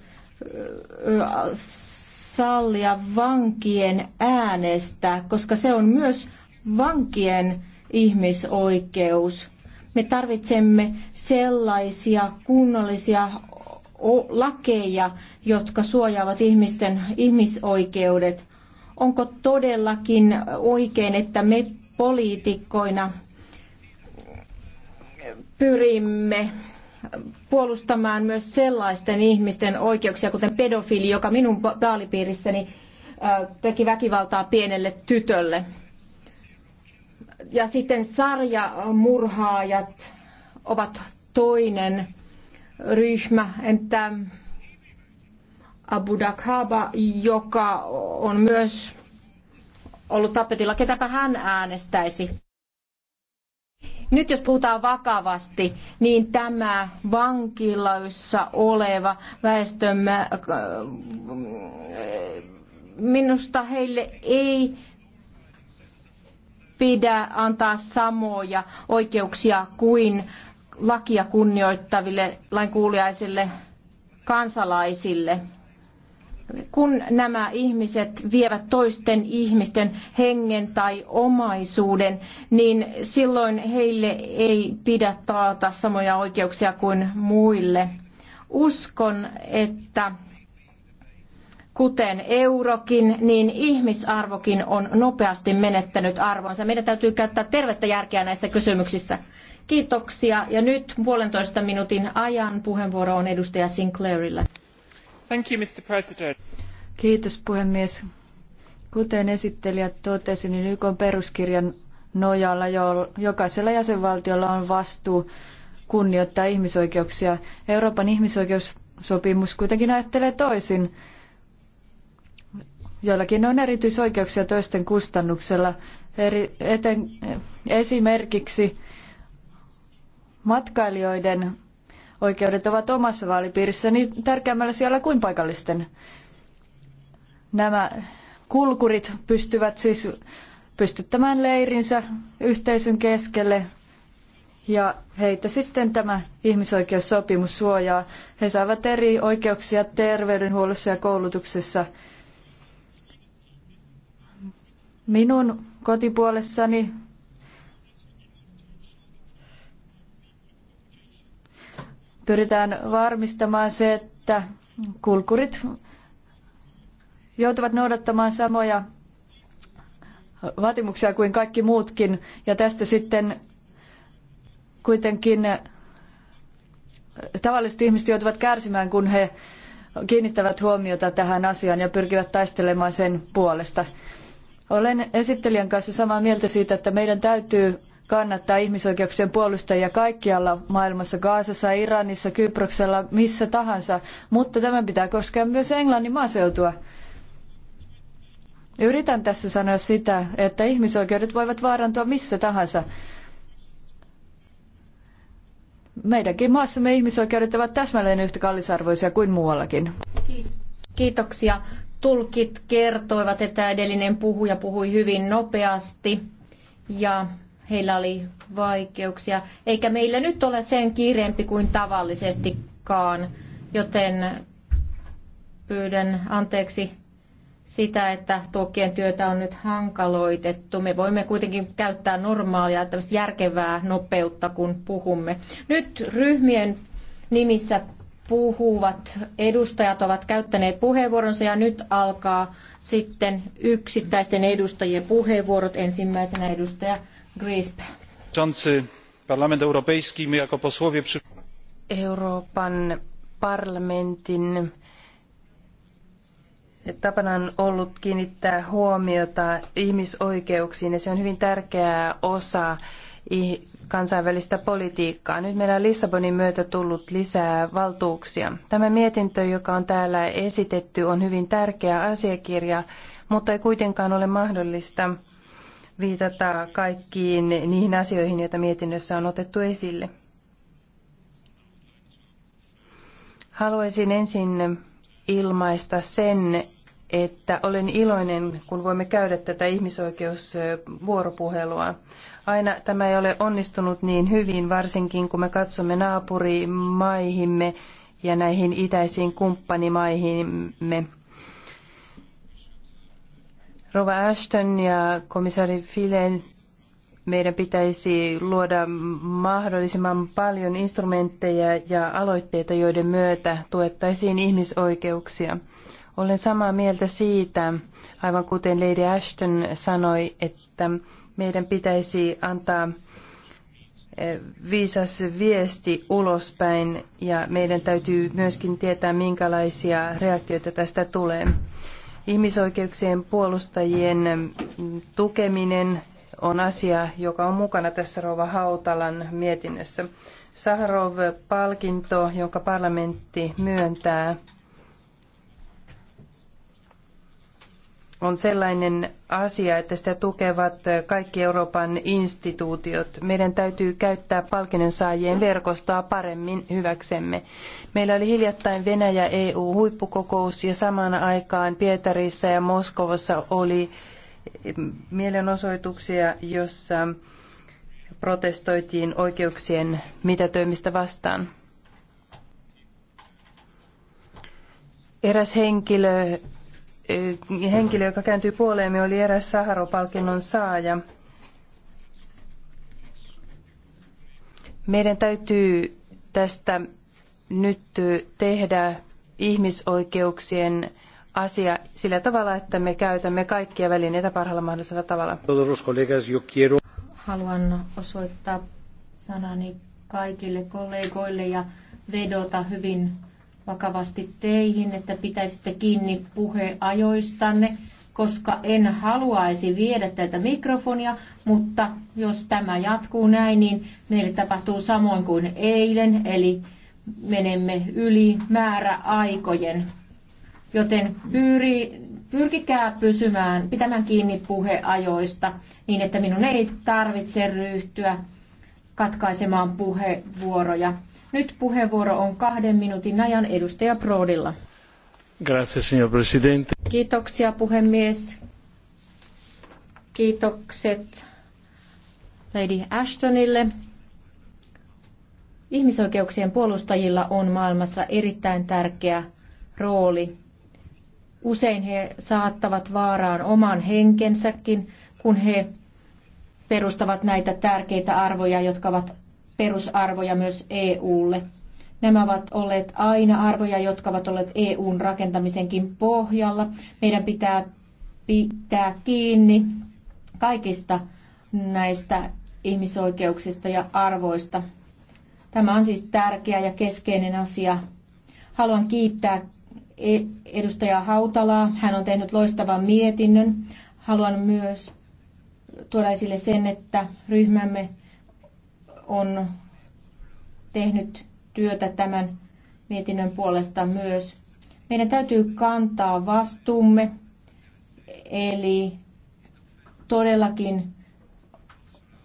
sallia vankien äänestää, koska se on myös vankien ihmisoikeus. Me tarvitsemme sellaisia kunnollisia lakeja, jotka suojaavat ihmisten ihmisoikeudet. Onko todellakin oikein, että me poliitikkoina pyrimme puolustamaan myös sellaisten ihmisten oikeuksia, kuten pedofiili, joka minun vaalipiirissäni teki väkivaltaa pienelle tytölle. Ja sitten sarjamurhaajat ovat toinen ryhmä, entä Abu Dakhaba, joka on myös ollut tapetilla, ketäpä hän äänestäisi. Nyt jos puhutaan vakavasti, niin tämä vankiloissa oleva väestömme, äh, minusta heille ei pidä antaa samoja oikeuksia kuin lakia kunnioittaville lainkuuliaisille kansalaisille kun nämä ihmiset vievät toisten ihmisten hengen tai omaisuuden, niin silloin heille ei pidä taata samoja oikeuksia kuin muille. Uskon, että kuten eurokin, niin ihmisarvokin on nopeasti menettänyt arvonsa. Meidän täytyy käyttää tervettä järkeä näissä kysymyksissä. Kiitoksia. Ja nyt puolentoista minuutin ajan puheenvuoro on edustaja Sinclairilla. Kiitos puhemies. Kuten esittelijä totesi, niin YK peruskirjan nojalla jokaisella jäsenvaltiolla on vastuu kunnioittaa ihmisoikeuksia. Euroopan ihmisoikeussopimus kuitenkin ajattelee toisin. Joillakin on erityisoikeuksia toisten kustannuksella. Eri, eten, esimerkiksi matkailijoiden oikeudet ovat omassa vaalipiirissäni niin tärkeämmällä siellä kuin paikallisten. Nämä kulkurit pystyvät siis pystyttämään leirinsä yhteisön keskelle ja heitä sitten tämä ihmisoikeussopimus suojaa. He saavat eri oikeuksia terveydenhuollossa ja koulutuksessa. Minun kotipuolessani pyritään varmistamaan se, että kulkurit joutuvat noudattamaan samoja vaatimuksia kuin kaikki muutkin ja tästä sitten kuitenkin tavalliset ihmiset joutuvat kärsimään, kun he kiinnittävät huomiota tähän asiaan ja pyrkivät taistelemaan sen puolesta. Olen esittelijän kanssa samaa mieltä siitä, että meidän täytyy kannattaa ihmisoikeuksien puolustajia kaikkialla maailmassa, Gaasassa, Iranissa, Kyproksella, missä tahansa, mutta tämä pitää koskea myös Englannin maaseutua. Yritän tässä sanoa sitä, että ihmisoikeudet voivat vaarantua missä tahansa. Meidänkin maassamme ihmisoikeudet ovat täsmälleen yhtä kallisarvoisia kuin muuallakin. Kiitoksia. Tulkit kertoivat, että edellinen puhuja puhui hyvin nopeasti ja heillä oli vaikeuksia, eikä meillä nyt ole sen kiireempi kuin tavallisestikaan, joten pyydän anteeksi sitä, että tulkkien työtä on nyt hankaloitettu. Me voimme kuitenkin käyttää normaalia, järkevää nopeutta, kun puhumme. Nyt ryhmien nimissä puhuvat edustajat ovat käyttäneet puheenvuoronsa ja nyt alkaa sitten yksittäisten edustajien puheenvuorot. Ensimmäisenä edustaja Euroopan parlamentin tapana on ollut kiinnittää huomiota ihmisoikeuksiin ja se on hyvin tärkeä osa kansainvälistä politiikkaa. Nyt meillä on Lissabonin myötä tullut lisää valtuuksia. Tämä mietintö, joka on täällä esitetty, on hyvin tärkeä asiakirja, mutta ei kuitenkaan ole mahdollista viitata kaikkiin niihin asioihin, joita mietinnössä on otettu esille. Haluaisin ensin ilmaista sen, että olen iloinen, kun voimme käydä tätä ihmisoikeusvuoropuhelua. Aina tämä ei ole onnistunut niin hyvin, varsinkin kun me katsomme naapurimaihimme ja näihin itäisiin kumppanimaihimme. Rova Ashton ja komissaari Filen, meidän pitäisi luoda mahdollisimman paljon instrumentteja ja aloitteita, joiden myötä tuettaisiin ihmisoikeuksia. Olen samaa mieltä siitä, aivan kuten Lady Ashton sanoi, että meidän pitäisi antaa eh, viisas viesti ulospäin ja meidän täytyy myöskin tietää, minkälaisia reaktioita tästä tulee. Ihmisoikeuksien puolustajien tukeminen on asia, joka on mukana tässä Rova Hautalan mietinnössä. Saharov-palkinto, jonka parlamentti myöntää on sellainen asia, että sitä tukevat kaikki Euroopan instituutiot. Meidän täytyy käyttää palkinnon saajien verkostoa paremmin hyväksemme. Meillä oli hiljattain Venäjä-EU-huippukokous ja samaan aikaan Pietarissa ja Moskovassa oli mielenosoituksia, jossa protestoitiin oikeuksien mitätöimistä vastaan. Eräs henkilö henkilö, joka kääntyi puoleemme, oli eräs Saharo-palkinnon saaja. Meidän täytyy tästä nyt tehdä ihmisoikeuksien asia sillä tavalla, että me käytämme kaikkia välineitä parhaalla mahdollisella tavalla. Haluan osoittaa sanani kaikille kollegoille ja vedota hyvin vakavasti teihin, että pitäisitte kiinni puheajoistanne, koska en haluaisi viedä tätä mikrofonia, mutta jos tämä jatkuu näin, niin meille tapahtuu samoin kuin eilen, eli menemme yli määräaikojen. Joten pyyri, pyrkikää pysymään, pitämään kiinni puheajoista niin, että minun ei tarvitse ryhtyä katkaisemaan puheenvuoroja. Nyt puheenvuoro on kahden minuutin ajan edustaja Proodilla. Gracias, signor presidente. Kiitoksia puhemies. Kiitokset Lady Ashtonille. Ihmisoikeuksien puolustajilla on maailmassa erittäin tärkeä rooli. Usein he saattavat vaaraan oman henkensäkin, kun he perustavat näitä tärkeitä arvoja, jotka ovat perusarvoja myös EUlle. Nämä ovat olleet aina arvoja, jotka ovat olleet EUn rakentamisenkin pohjalla. Meidän pitää pitää kiinni kaikista näistä ihmisoikeuksista ja arvoista. Tämä on siis tärkeä ja keskeinen asia. Haluan kiittää e-, edustaja Hautalaa. Hän on tehnyt loistavan mietinnön. Haluan myös tuoda esille sen, että ryhmämme on tehnyt työtä tämän mietinnön puolesta myös. Meidän täytyy kantaa vastuumme, eli todellakin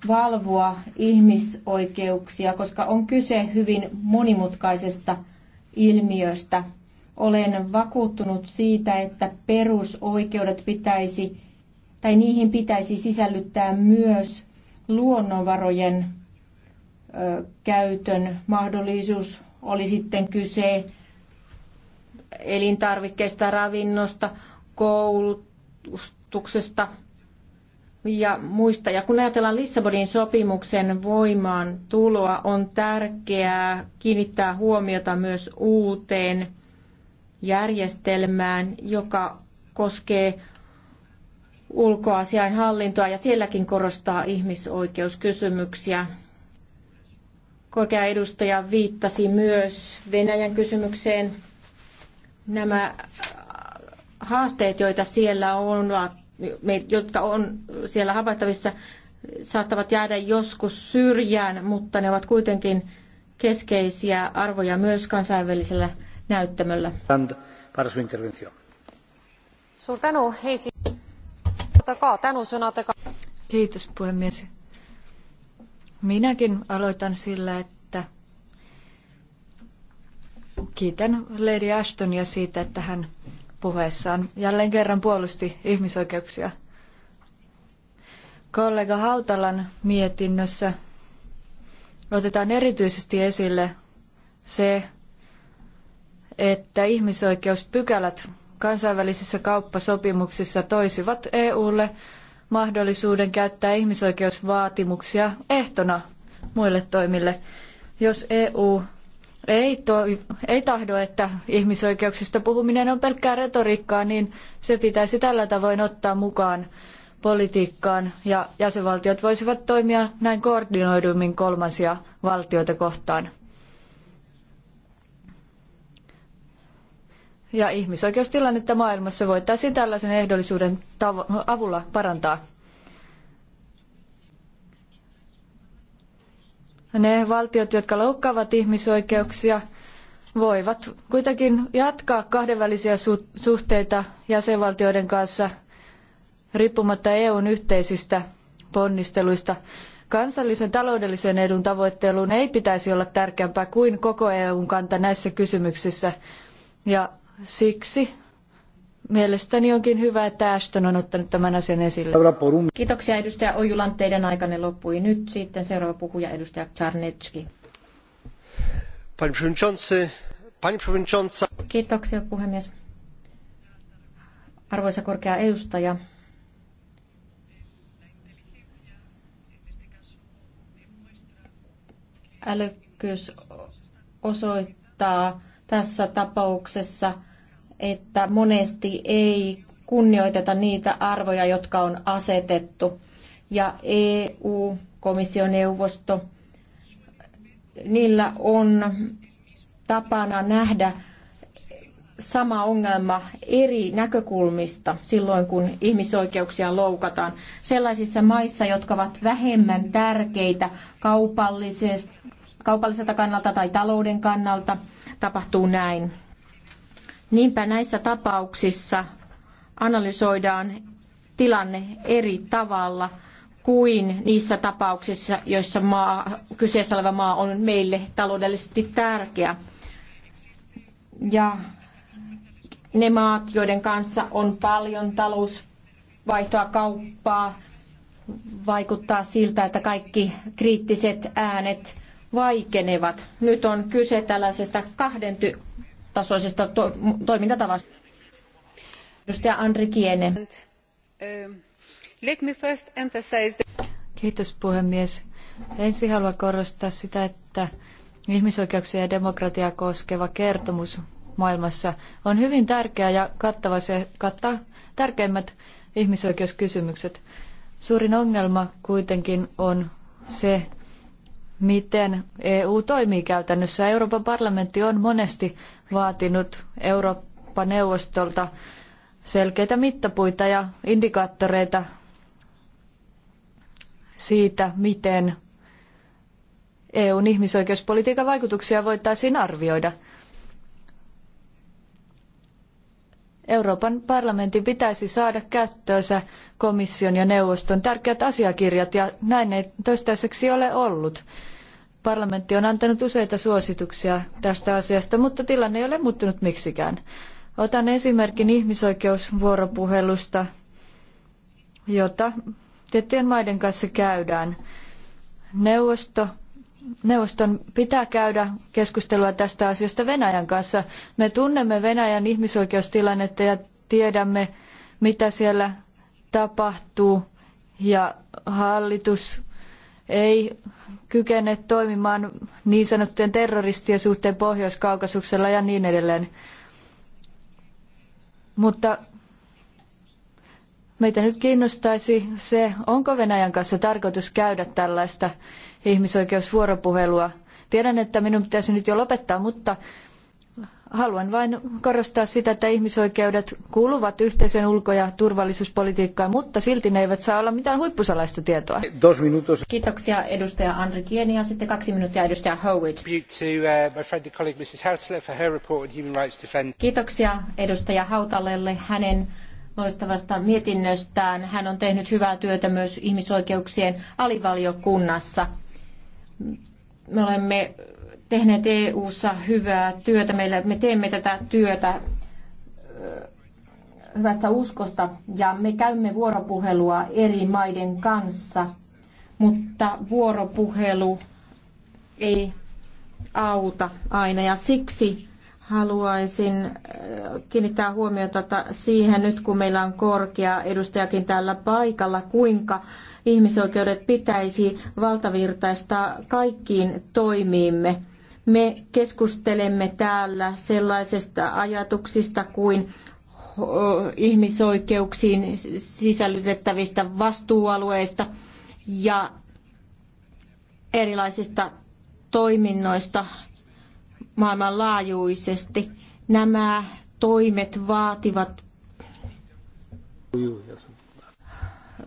valvoa ihmisoikeuksia, koska on kyse hyvin monimutkaisesta ilmiöstä. Olen vakuuttunut siitä, että perusoikeudet pitäisi, tai niihin pitäisi sisällyttää myös luonnonvarojen käytön mahdollisuus, oli sitten kyse elintarvikkeista, ravinnosta, koulutuksesta ja muista. Ja kun ajatellaan Lissabonin sopimuksen voimaan tuloa, on tärkeää kiinnittää huomiota myös uuteen järjestelmään, joka koskee ulkoasiainhallintoa ja sielläkin korostaa ihmisoikeuskysymyksiä korkea edustaja viittasi myös Venäjän kysymykseen. Nämä äh, haasteet, joita siellä on, jotka on siellä havaittavissa, saattavat jäädä joskus syrjään, mutta ne ovat kuitenkin keskeisiä arvoja myös kansainvälisellä näyttämöllä. Kiitos puhemies. Minäkin aloitan sillä, että kiitän Lady Ashtonia siitä, että hän puheessaan jälleen kerran puolusti ihmisoikeuksia. Kollega Hautalan mietinnössä otetaan erityisesti esille se, että ihmisoikeuspykälät kansainvälisissä kauppasopimuksissa toisivat EUlle mahdollisuuden käyttää ihmisoikeusvaatimuksia ehtona muille toimille. Jos EU ei, to, ei tahdo, että ihmisoikeuksista puhuminen on pelkkää retoriikkaa, niin se pitäisi tällä tavoin ottaa mukaan politiikkaan ja jäsenvaltiot voisivat toimia näin koordinoidummin kolmansia valtioita kohtaan. ja ihmisoikeustilannetta maailmassa voitaisiin tällaisen ehdollisuuden avulla parantaa. Ne valtiot, jotka loukkaavat ihmisoikeuksia, voivat kuitenkin jatkaa kahdenvälisiä suhteita jäsenvaltioiden kanssa riippumatta EUn yhteisistä ponnisteluista. Kansallisen taloudellisen edun tavoitteluun ei pitäisi olla tärkeämpää kuin koko EUn kanta näissä kysymyksissä. Ja siksi mielestäni onkin hyvä, että Ashton on ottanut tämän asian esille. Kiitoksia edustaja Ojulan, teidän aikanne loppui nyt. Sitten seuraava puhuja edustaja Czarnecki. Kiitoksia puhemies. Arvoisa korkea edustaja, älykkyys osoittaa tässä tapauksessa – että monesti ei kunnioiteta niitä arvoja, jotka on asetettu. Ja EU, komissioneuvosto, niillä on tapana nähdä sama ongelma eri näkökulmista silloin, kun ihmisoikeuksia loukataan. Sellaisissa maissa, jotka ovat vähemmän tärkeitä kaupalliselta kannalta tai talouden kannalta, tapahtuu näin. Niinpä näissä tapauksissa analysoidaan tilanne eri tavalla kuin niissä tapauksissa, joissa maa, kyseessä oleva maa on meille taloudellisesti tärkeä. Ja ne maat, joiden kanssa on paljon talousvaihtoa, kauppaa, vaikuttaa siltä, että kaikki kriittiset äänet vaikenevat. Nyt on kyse tällaisesta kahden tasoisesta to- toimintatavasta. Edustaja Andri Kiene. Kiitos puhemies. Ensin haluan korostaa sitä, että ihmisoikeuksia ja demokratiaa koskeva kertomus maailmassa on hyvin tärkeä ja kattava se kattaa tärkeimmät ihmisoikeuskysymykset. Suurin ongelma kuitenkin on se, miten EU toimii käytännössä. Euroopan parlamentti on monesti vaatinut Eurooppa-neuvostolta selkeitä mittapuita ja indikaattoreita siitä, miten EUn ihmisoikeuspolitiikan vaikutuksia voitaisiin arvioida – Euroopan parlamentin pitäisi saada käyttöönsä komission ja neuvoston tärkeät asiakirjat ja näin ei toistaiseksi ole ollut. Parlamentti on antanut useita suosituksia tästä asiasta, mutta tilanne ei ole muuttunut miksikään. Otan esimerkin ihmisoikeusvuoropuhelusta, jota tiettyjen maiden kanssa käydään. Neuvosto neuvoston pitää käydä keskustelua tästä asiasta Venäjän kanssa. Me tunnemme Venäjän ihmisoikeustilannetta ja tiedämme, mitä siellä tapahtuu ja hallitus ei kykene toimimaan niin sanottujen terroristien suhteen Pohjois-Kaukasuksella ja niin edelleen. Mutta meitä nyt kiinnostaisi se, onko Venäjän kanssa tarkoitus käydä tällaista ihmisoikeusvuoropuhelua. Tiedän, että minun pitäisi nyt jo lopettaa, mutta haluan vain korostaa sitä, että ihmisoikeudet kuuluvat yhteisen ulko- ja turvallisuuspolitiikkaan, mutta silti ne eivät saa olla mitään huippusalaista tietoa. Kiitoksia edustaja Andri Kieni ja sitten kaksi minuuttia edustaja Howard. Uh, Kiitoksia edustaja Hautalelle hänen loistavasta mietinnöstään. Hän on tehnyt hyvää työtä myös ihmisoikeuksien alivaliokunnassa. Me olemme tehneet EU-ssa hyvää työtä. Meillä, me teemme tätä työtä hyvästä uskosta ja me käymme vuoropuhelua eri maiden kanssa, mutta vuoropuhelu ei auta aina ja siksi haluaisin äh, kiinnittää huomiota siihen nyt, kun meillä on korkea edustajakin täällä paikalla, kuinka ihmisoikeudet pitäisi valtavirtaistaa kaikkiin toimiimme. Me keskustelemme täällä sellaisesta ajatuksista kuin ihmisoikeuksiin sisällytettävistä vastuualueista ja erilaisista toiminnoista, maailmanlaajuisesti. Nämä toimet vaativat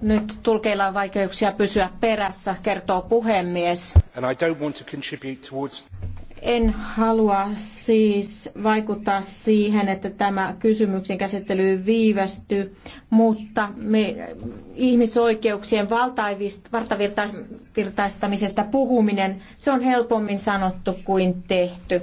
nyt tulkeilla on vaikeuksia pysyä perässä, kertoo puhemies. Towards... En halua siis vaikuttaa siihen, että tämä kysymyksen käsittely viivästyy, mutta me ihmisoikeuksien valtavirtaistamisesta puhuminen, se on helpommin sanottu kuin tehty.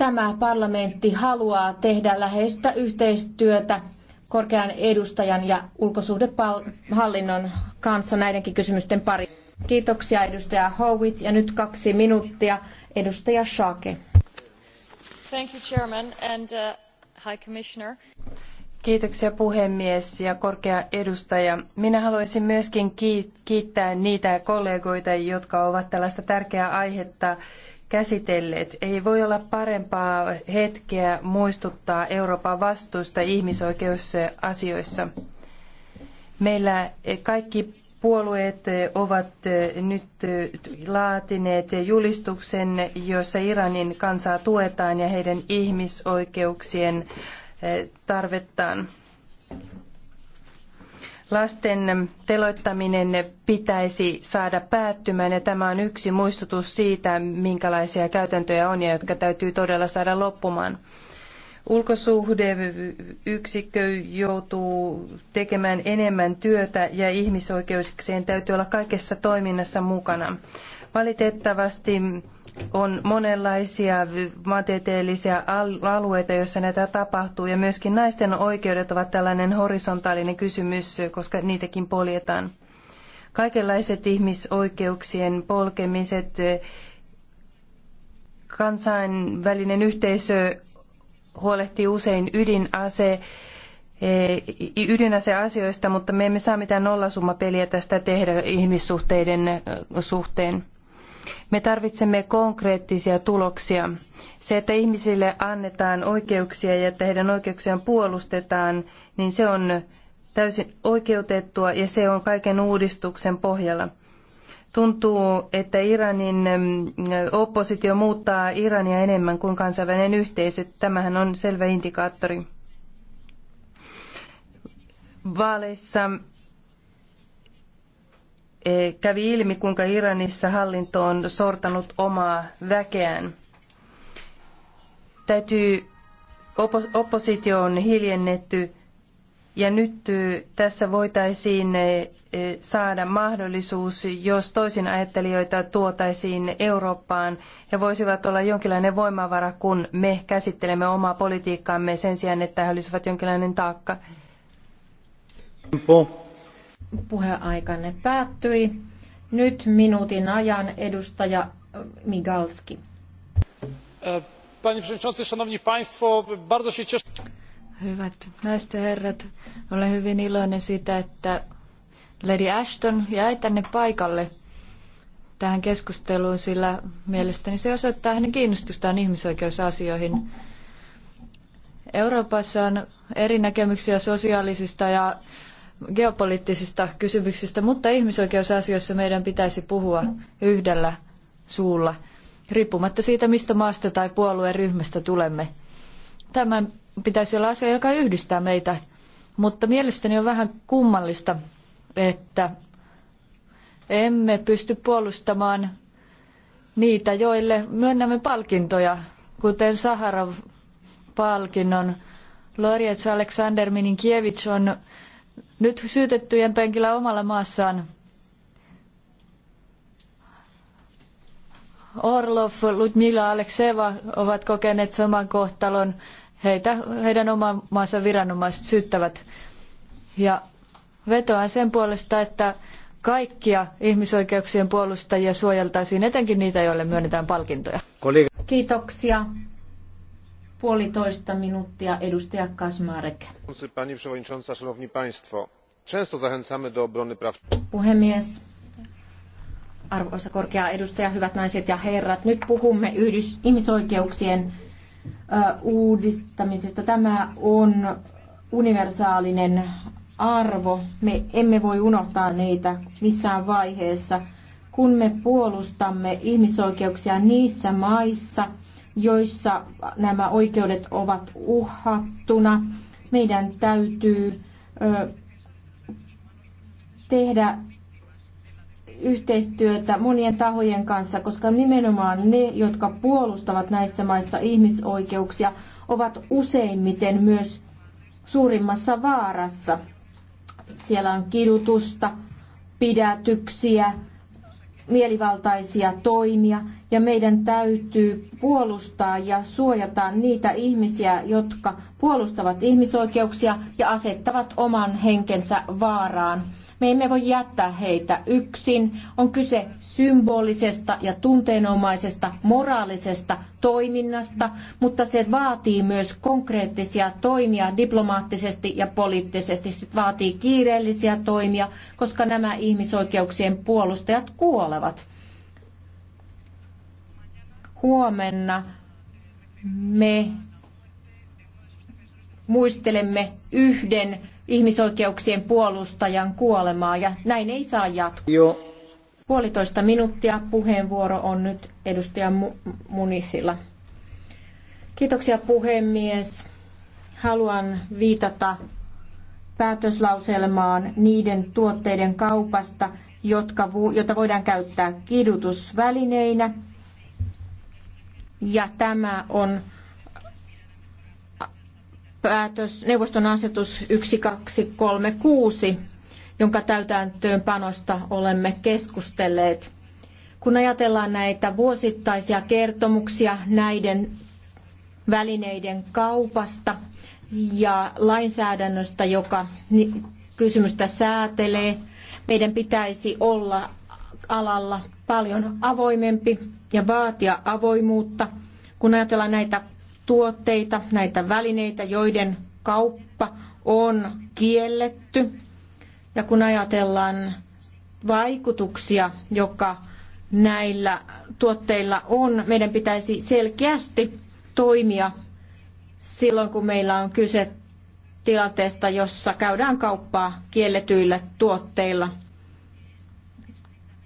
Tämä parlamentti haluaa tehdä läheistä yhteistyötä korkean edustajan ja ulkosuhdehallinnon kanssa näidenkin kysymysten pari. Kiitoksia edustaja Howitt ja nyt kaksi minuuttia edustaja Shake. Thank you, Chairman, and, uh, High Commissioner. Kiitoksia puhemies ja korkea edustaja. Minä haluaisin myöskin kiittää niitä kollegoita, jotka ovat tällaista tärkeää aihetta käsitelleet. Ei voi olla parempaa hetkeä muistuttaa Euroopan vastuusta ihmisoikeusasioissa. Meillä kaikki puolueet ovat nyt laatineet julistuksen, jossa Iranin kansaa tuetaan ja heidän ihmisoikeuksien tarvettaan. Lasten teloittaminen pitäisi saada päättymään ja tämä on yksi muistutus siitä, minkälaisia käytäntöjä on ja jotka täytyy todella saada loppumaan. Ulkosuhdeyksikkö joutuu tekemään enemmän työtä ja ihmisoikeuksien täytyy olla kaikessa toiminnassa mukana. Valitettavasti on monenlaisia maantieteellisiä alueita, joissa näitä tapahtuu, ja myöskin naisten oikeudet ovat tällainen horisontaalinen kysymys, koska niitäkin poljetaan. Kaikenlaiset ihmisoikeuksien polkemiset, kansainvälinen yhteisö huolehtii usein ydinase, eh, ydinaseasioista, mutta me emme saa mitään nollasummapeliä tästä tehdä ihmissuhteiden eh, suhteen. Me tarvitsemme konkreettisia tuloksia. Se, että ihmisille annetaan oikeuksia ja että heidän oikeuksiaan puolustetaan, niin se on täysin oikeutettua ja se on kaiken uudistuksen pohjalla. Tuntuu, että Iranin mm, oppositio muuttaa Irania enemmän kuin kansainvälinen yhteisö. Tämähän on selvä indikaattori. Vaaleissa E, kävi ilmi, kuinka Iranissa hallinto on sortanut omaa väkeään. Täytyy, oppositio on hiljennetty ja nyt e, tässä voitaisiin e, saada mahdollisuus, jos toisin ajattelijoita tuotaisiin Eurooppaan. He voisivat olla jonkinlainen voimavara, kun me käsittelemme omaa politiikkaamme sen sijaan, että he olisivat jonkinlainen taakka. Puheaikanne päättyi. Nyt minuutin ajan edustaja äh, Migalski. Äh, panie przewodniczący, szanowni państwo, bardzo się cieszę. Hyvät naiset ja herrat, olen hyvin iloinen siitä, että Lady Ashton jäi tänne paikalle tähän keskusteluun, sillä mielestäni se osoittaa hänen kiinnostustaan ihmisoikeusasioihin. Euroopassa on eri näkemyksiä sosiaalisista ja geopoliittisista kysymyksistä, mutta ihmisoikeusasioissa meidän pitäisi puhua yhdellä suulla, riippumatta siitä, mistä maasta tai puolueen ryhmästä tulemme. Tämän pitäisi olla asia, joka yhdistää meitä, mutta mielestäni on vähän kummallista, että emme pysty puolustamaan niitä, joille myönnämme palkintoja, kuten Saharov-palkinnon. Loriets Aleksander Mininkiewicz on nyt syytettyjen penkillä omalla maassaan. Orlov, Ludmila Alekseva ovat kokeneet saman kohtalon. Heitä, heidän oman maansa viranomaiset syyttävät. Ja vetoan sen puolesta, että kaikkia ihmisoikeuksien puolustajia suojeltaisiin, etenkin niitä, joille myönnetään palkintoja. Kiitoksia puolitoista minuuttia edustaja Kasmarek. Pani przewodnicząca, szanowni państwo. Często zachęcamy do obrony praw... Puhemies, arvoisa korkea edustaja, hyvät naiset ja herrat. Nyt puhumme yhdys- ihmisoikeuksien uudistamisesta. Tämä on universaalinen arvo. Me emme voi unohtaa niitä missään vaiheessa, kun me puolustamme ihmisoikeuksia niissä maissa – joissa nämä oikeudet ovat uhattuna. Meidän täytyy tehdä yhteistyötä monien tahojen kanssa, koska nimenomaan ne, jotka puolustavat näissä maissa ihmisoikeuksia, ovat useimmiten myös suurimmassa vaarassa. Siellä on kidutusta, pidätyksiä, mielivaltaisia toimia ja meidän täytyy puolustaa ja suojata niitä ihmisiä, jotka puolustavat ihmisoikeuksia ja asettavat oman henkensä vaaraan. Me emme voi jättää heitä yksin. On kyse symbolisesta ja tunteenomaisesta moraalisesta toiminnasta, mutta se vaatii myös konkreettisia toimia diplomaattisesti ja poliittisesti. Se vaatii kiireellisiä toimia, koska nämä ihmisoikeuksien puolustajat kuolevat. Huomenna me muistelemme yhden ihmisoikeuksien puolustajan kuolemaa ja näin ei saa jatkua. Joo. Puolitoista minuuttia puheenvuoro on nyt edustaja Munisilla. Kiitoksia puhemies. Haluan viitata päätöslauselmaan niiden tuotteiden kaupasta, jotka, jota voidaan käyttää kidutusvälineinä. Ja tämä on päätös, neuvoston asetus 1236, jonka täytäntöönpanosta olemme keskustelleet. Kun ajatellaan näitä vuosittaisia kertomuksia näiden välineiden kaupasta ja lainsäädännöstä, joka kysymystä säätelee, meidän pitäisi olla alalla paljon avoimempi ja vaatia avoimuutta. Kun ajatellaan näitä tuotteita, näitä välineitä, joiden kauppa on kielletty. Ja kun ajatellaan vaikutuksia, joka näillä tuotteilla on, meidän pitäisi selkeästi toimia silloin, kun meillä on kyse tilanteesta, jossa käydään kauppaa kielletyillä tuotteilla.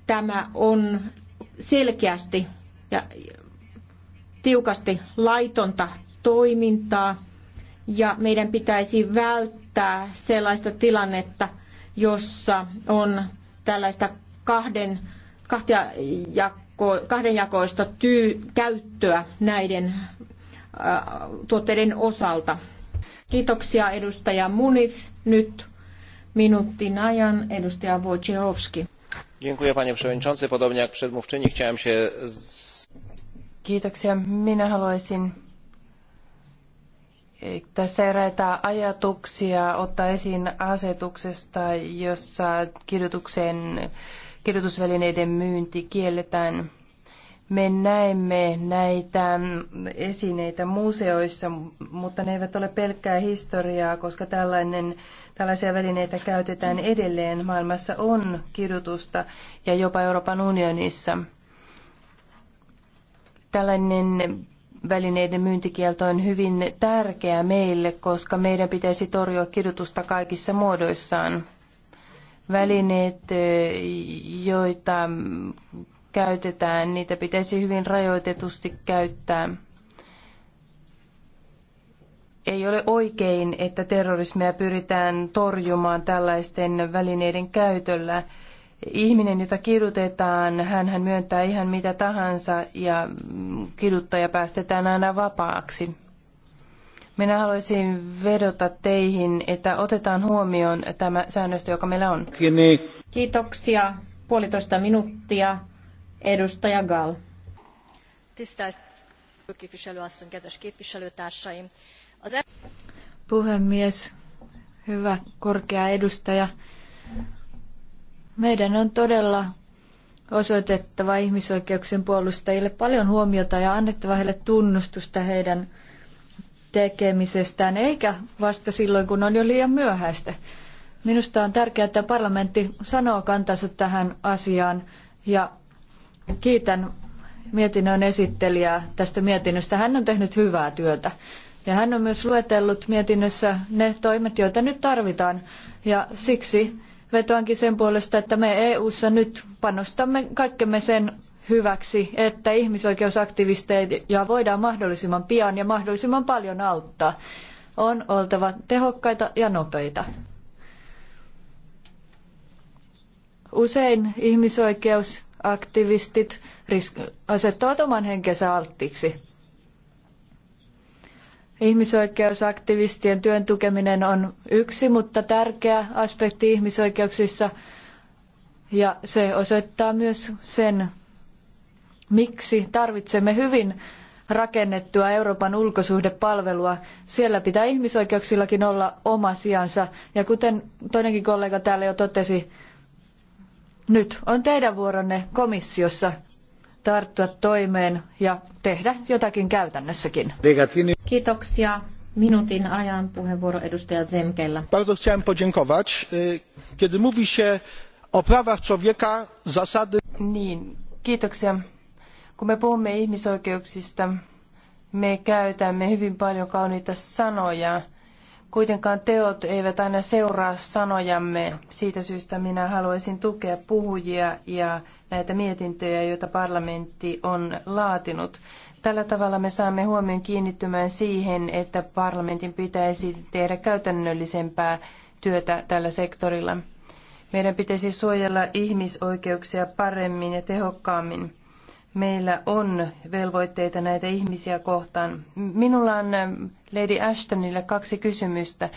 Tämä on selkeästi ja tiukasti laitonta toimintaa ja meidän pitäisi välttää sellaista tilannetta, jossa on tällaista kahden, kahtia, jako, kahdenjakoista tyy, käyttöä näiden äh, tuotteiden osalta. Kiitoksia edustaja Munith. Nyt minuutin ajan edustaja Wojciechowski. Dziękuję panie przewodniczący. Podobnie jak przedmówczyni chciałem się z... Kiitoksia. Minä haluaisin tässä eräitä ajatuksia ottaa esiin asetuksesta, jossa kirjoituksen, kirjoitusvälineiden myynti kielletään. Me näemme näitä esineitä museoissa, mutta ne eivät ole pelkkää historiaa, koska tällainen, tällaisia välineitä käytetään edelleen. Maailmassa on kirjoitusta ja jopa Euroopan unionissa – Tällainen välineiden myyntikielto on hyvin tärkeä meille, koska meidän pitäisi torjua kidutusta kaikissa muodoissaan. Välineet, joita käytetään, niitä pitäisi hyvin rajoitetusti käyttää. Ei ole oikein, että terrorismia pyritään torjumaan tällaisten välineiden käytöllä ihminen, jota kidutetaan, hän, hän myöntää ihan mitä tahansa ja kiduttaja päästetään aina vapaaksi. Minä haluaisin vedota teihin, että otetaan huomioon tämä säännöstö, joka meillä on. Kiitoksia. Puolitoista minuuttia. Edustaja Gal. E- Puhemies, hyvä korkea edustaja. Meidän on todella osoitettava ihmisoikeuksien puolustajille paljon huomiota ja annettava heille tunnustusta heidän tekemisestään, eikä vasta silloin, kun on jo liian myöhäistä. Minusta on tärkeää, että parlamentti sanoo kantansa tähän asiaan ja kiitän mietinnön esittelijää tästä mietinnöstä. Hän on tehnyt hyvää työtä ja hän on myös luetellut mietinnössä ne toimet, joita nyt tarvitaan ja siksi vetoankin sen puolesta, että me EU:ssa nyt panostamme kaikkemme sen hyväksi, että ihmisoikeusaktivisteja voidaan mahdollisimman pian ja mahdollisimman paljon auttaa. On oltava tehokkaita ja nopeita. Usein ihmisoikeusaktivistit asettavat oman henkensä alttiiksi Ihmisoikeusaktivistien työn tukeminen on yksi, mutta tärkeä aspekti ihmisoikeuksissa ja se osoittaa myös sen, miksi tarvitsemme hyvin rakennettua Euroopan ulkosuhdepalvelua. Siellä pitää ihmisoikeuksillakin olla oma sijansa. Ja kuten toinenkin kollega täällä jo totesi, nyt on teidän vuoronne komissiossa tarttua toimeen ja tehdä jotakin käytännössäkin. Kiitoksia. Minuutin ajan puheenvuoro edustaja Zemkellä. Bardzo chciałem podziękować. Kiedy mówi się o prawach człowieka, zasady... Niin, kiitoksia. Kun me puhumme ihmisoikeuksista, me käytämme hyvin paljon kauniita sanoja. Kuitenkaan teot eivät aina seuraa sanojamme. Siitä syystä minä haluaisin tukea puhujia ja näitä mietintöjä, joita parlamentti on laatinut. Tällä tavalla me saamme huomion kiinnittymään siihen, että parlamentin pitäisi tehdä käytännöllisempää työtä tällä sektorilla. Meidän pitäisi suojella ihmisoikeuksia paremmin ja tehokkaammin. Meillä on velvoitteita näitä ihmisiä kohtaan. Minulla on äh, Lady Ashtonille kaksi kysymystä.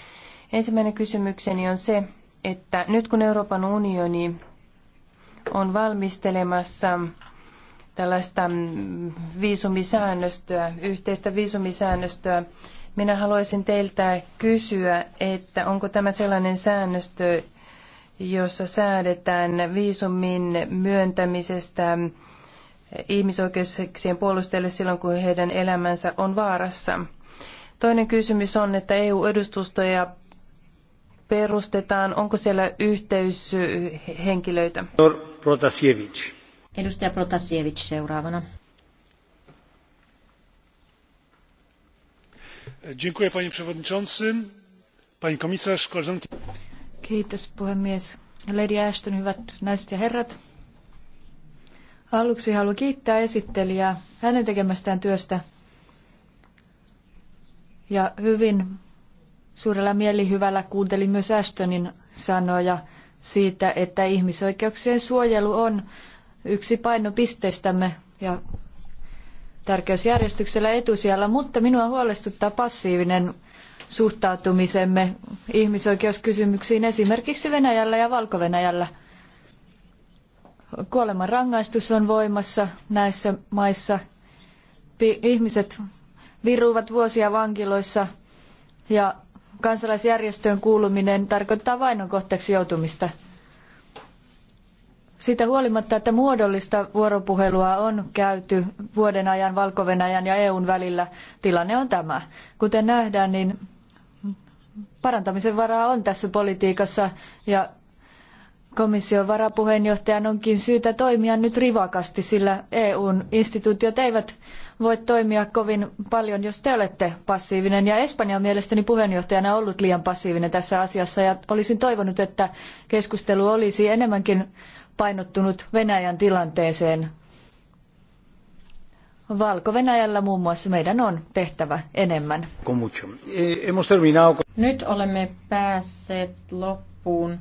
Ensimmäinen kysymykseni on se, että nyt kun Euroopan unioni on valmistelemassa tällaista viisumisäännöstöä, yhteistä viisumisäännöstöä. Minä haluaisin teiltä kysyä, että onko tämä sellainen säännöstö, jossa säädetään viisumin myöntämisestä ihmisoikeuksien puolustajille silloin, kun heidän elämänsä on vaarassa. Toinen kysymys on, että EU-edustustoja perustetaan. Onko siellä yhteyshenkilöitä? No, Protasiewicz. Edustaja Protasiewicz seuraavana. Dziękuję panie przewodniczący, pani komisarz, koleżanki. Kiitos puhemies. Lady Ashton, hyvät naiset ja herrat. Aluksi haluan kiittää esittelijää hänen tekemästään työstä ja hyvin suurella mielihyvällä kuuntelin myös Ashtonin sanoja – siitä, että ihmisoikeuksien suojelu on yksi painopisteistämme ja tärkeysjärjestyksellä etusijalla, mutta minua huolestuttaa passiivinen suhtautumisemme ihmisoikeuskysymyksiin esimerkiksi Venäjällä ja Valko-Venäjällä. Kuoleman rangaistus on voimassa näissä maissa. Ihmiset viruvat vuosia vankiloissa ja kansalaisjärjestöön kuuluminen tarkoittaa vainon kohteeksi joutumista. Siitä huolimatta, että muodollista vuoropuhelua on käyty vuoden ajan valko ja EUn välillä, tilanne on tämä. Kuten nähdään, niin parantamisen varaa on tässä politiikassa ja komission varapuheenjohtajan onkin syytä toimia nyt rivakasti, sillä EUn instituutiot eivät voi toimia kovin paljon, jos te olette passiivinen. Ja Espanja on mielestäni puheenjohtajana ollut liian passiivinen tässä asiassa ja olisin toivonut, että keskustelu olisi enemmänkin painottunut Venäjän tilanteeseen. Valko-Venäjällä muun muassa meidän on tehtävä enemmän. Nyt olemme päässeet loppuun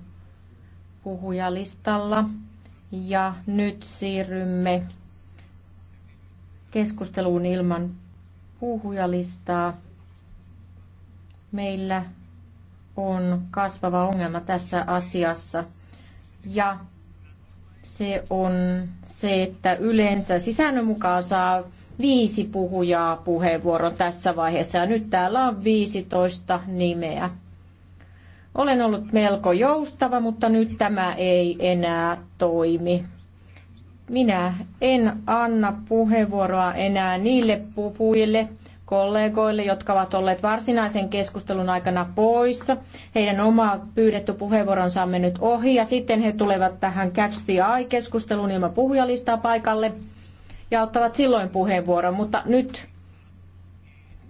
puhujalistalla ja nyt siirrymme keskusteluun ilman puhujalistaa. Meillä on kasvava ongelma tässä asiassa. Ja se on se, että yleensä sisäännön mukaan saa viisi puhujaa puheenvuoron tässä vaiheessa. Ja nyt täällä on 15 nimeä. Olen ollut melko joustava, mutta nyt tämä ei enää toimi. Minä en anna puheenvuoroa enää niille puhujille, kollegoille, jotka ovat olleet varsinaisen keskustelun aikana poissa. Heidän oma pyydetty puheenvuoronsa on mennyt ohi ja sitten he tulevat tähän Catch the Eye-keskusteluun ilman puhujalistaa paikalle ja ottavat silloin puheenvuoron, mutta nyt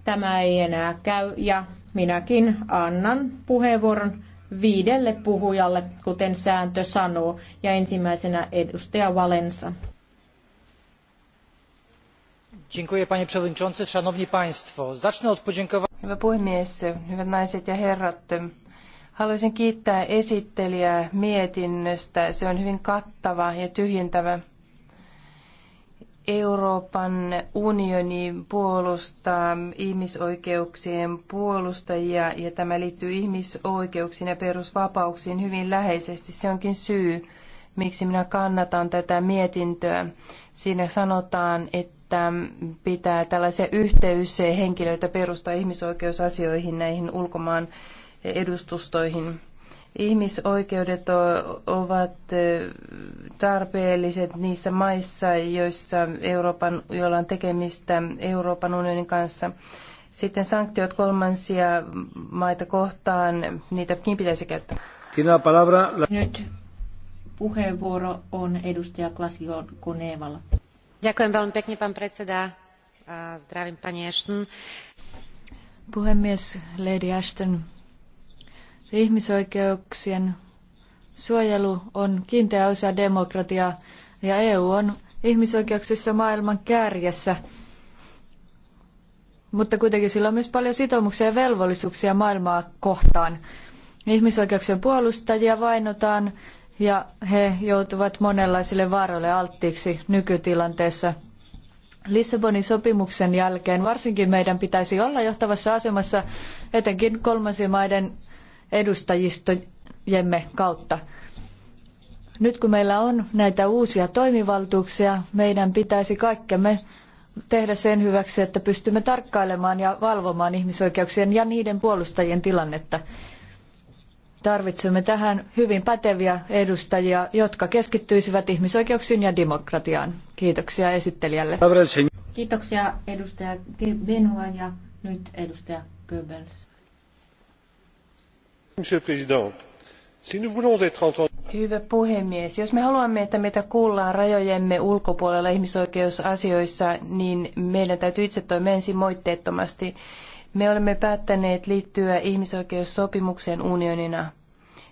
tämä ei enää käy ja minäkin annan puheenvuoron viidelle puhujalle, kuten sääntö sanoo, ja ensimmäisenä edustaja Valensa. panie przewodniczący, szanowni państwo. Zacznę od podziękowania. Hyvä puhemies, hyvät naiset ja herrat. Haluaisin kiittää esittelijää mietinnöstä. Se on hyvin kattava ja tyhjentävä. Euroopan unioni puolustaa ihmisoikeuksien puolustajia ja tämä liittyy ihmisoikeuksiin ja perusvapauksiin hyvin läheisesti. Se onkin syy, miksi minä kannatan tätä mietintöä. Siinä sanotaan, että pitää tällaisia yhteyshenkilöitä perustaa ihmisoikeusasioihin näihin ulkomaan edustustoihin. Ihmisoikeudet ovat tarpeelliset niissä maissa, joissa Euroopan, joilla on tekemistä Euroopan unionin kanssa. Sitten sanktiot kolmansia maita kohtaan, niitäkin pitäisi käyttää. Nyt puheenvuoro on edustaja Klasio Konevalla. Ďakujem veľmi pekne, pán predseda. Zdravím, pani Ashton. Puhemies, Lady Ashton. Ihmisoikeuksien suojelu on kiinteä osa demokratiaa ja EU on ihmisoikeuksissa maailman kärjessä. Mutta kuitenkin sillä on myös paljon sitoumuksia ja velvollisuuksia maailmaa kohtaan. Ihmisoikeuksien puolustajia vainotaan ja he joutuvat monenlaisille vaaroille alttiiksi nykytilanteessa. Lissabonin sopimuksen jälkeen varsinkin meidän pitäisi olla johtavassa asemassa etenkin kolmansien maiden edustajistojemme kautta. Nyt kun meillä on näitä uusia toimivaltuuksia, meidän pitäisi kaikkemme tehdä sen hyväksi, että pystymme tarkkailemaan ja valvomaan ihmisoikeuksien ja niiden puolustajien tilannetta. Tarvitsemme tähän hyvin päteviä edustajia, jotka keskittyisivät ihmisoikeuksiin ja demokratiaan. Kiitoksia esittelijälle. Kiitoksia edustaja Benoa ja nyt edustaja Goebbels. Hyvä puhemies. Jos me haluamme, että meitä kuullaan rajojemme ulkopuolella ihmisoikeusasioissa, niin meidän täytyy itse toimia ensin moitteettomasti. Me olemme päättäneet liittyä ihmisoikeussopimukseen unionina.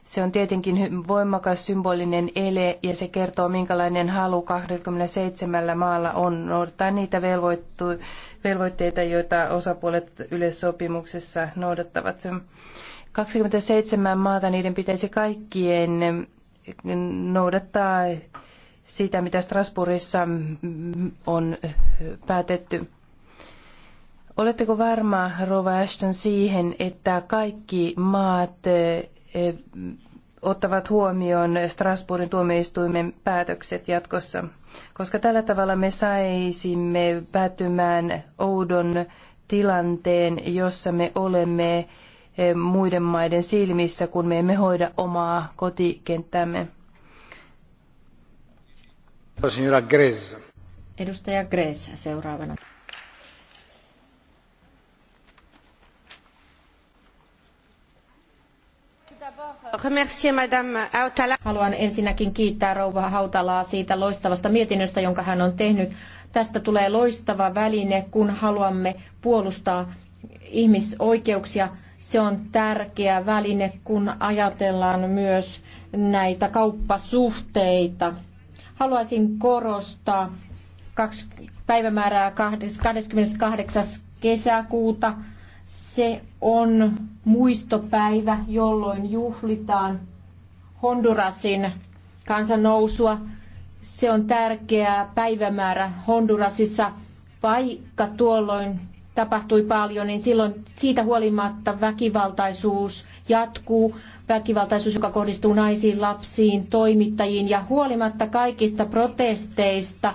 Se on tietenkin voimakas symbolinen ele ja se kertoo, minkälainen halu 27 maalla on noudattaa niitä velvoitteita, joita osapuolet yleissopimuksessa noudattavat. 27 maata, niiden pitäisi kaikkien noudattaa sitä, mitä Strasbourgissa on päätetty. Oletteko varma, Rova Ashton, siihen, että kaikki maat eh, ottavat huomioon Strasbourgin tuomioistuimen päätökset jatkossa? Koska tällä tavalla me saisimme päätymään oudon tilanteen, jossa me olemme Eh, muiden maiden silmissä, kun me emme hoida omaa kotikenttämme. Signora Grez. Edustaja Gres seuraavana. Haluan ensinnäkin kiittää rouva Hautalaa siitä loistavasta mietinnöstä, jonka hän on tehnyt. Tästä tulee loistava väline, kun haluamme puolustaa ihmisoikeuksia se on tärkeä väline, kun ajatellaan myös näitä kauppasuhteita. Haluaisin korostaa päivämäärää 28. kesäkuuta. Se on muistopäivä, jolloin juhlitaan Hondurasin kansannousua. Se on tärkeä päivämäärä Hondurasissa, vaikka tuolloin tapahtui paljon, niin silloin siitä huolimatta väkivaltaisuus jatkuu, väkivaltaisuus, joka kohdistuu naisiin, lapsiin, toimittajiin ja huolimatta kaikista protesteista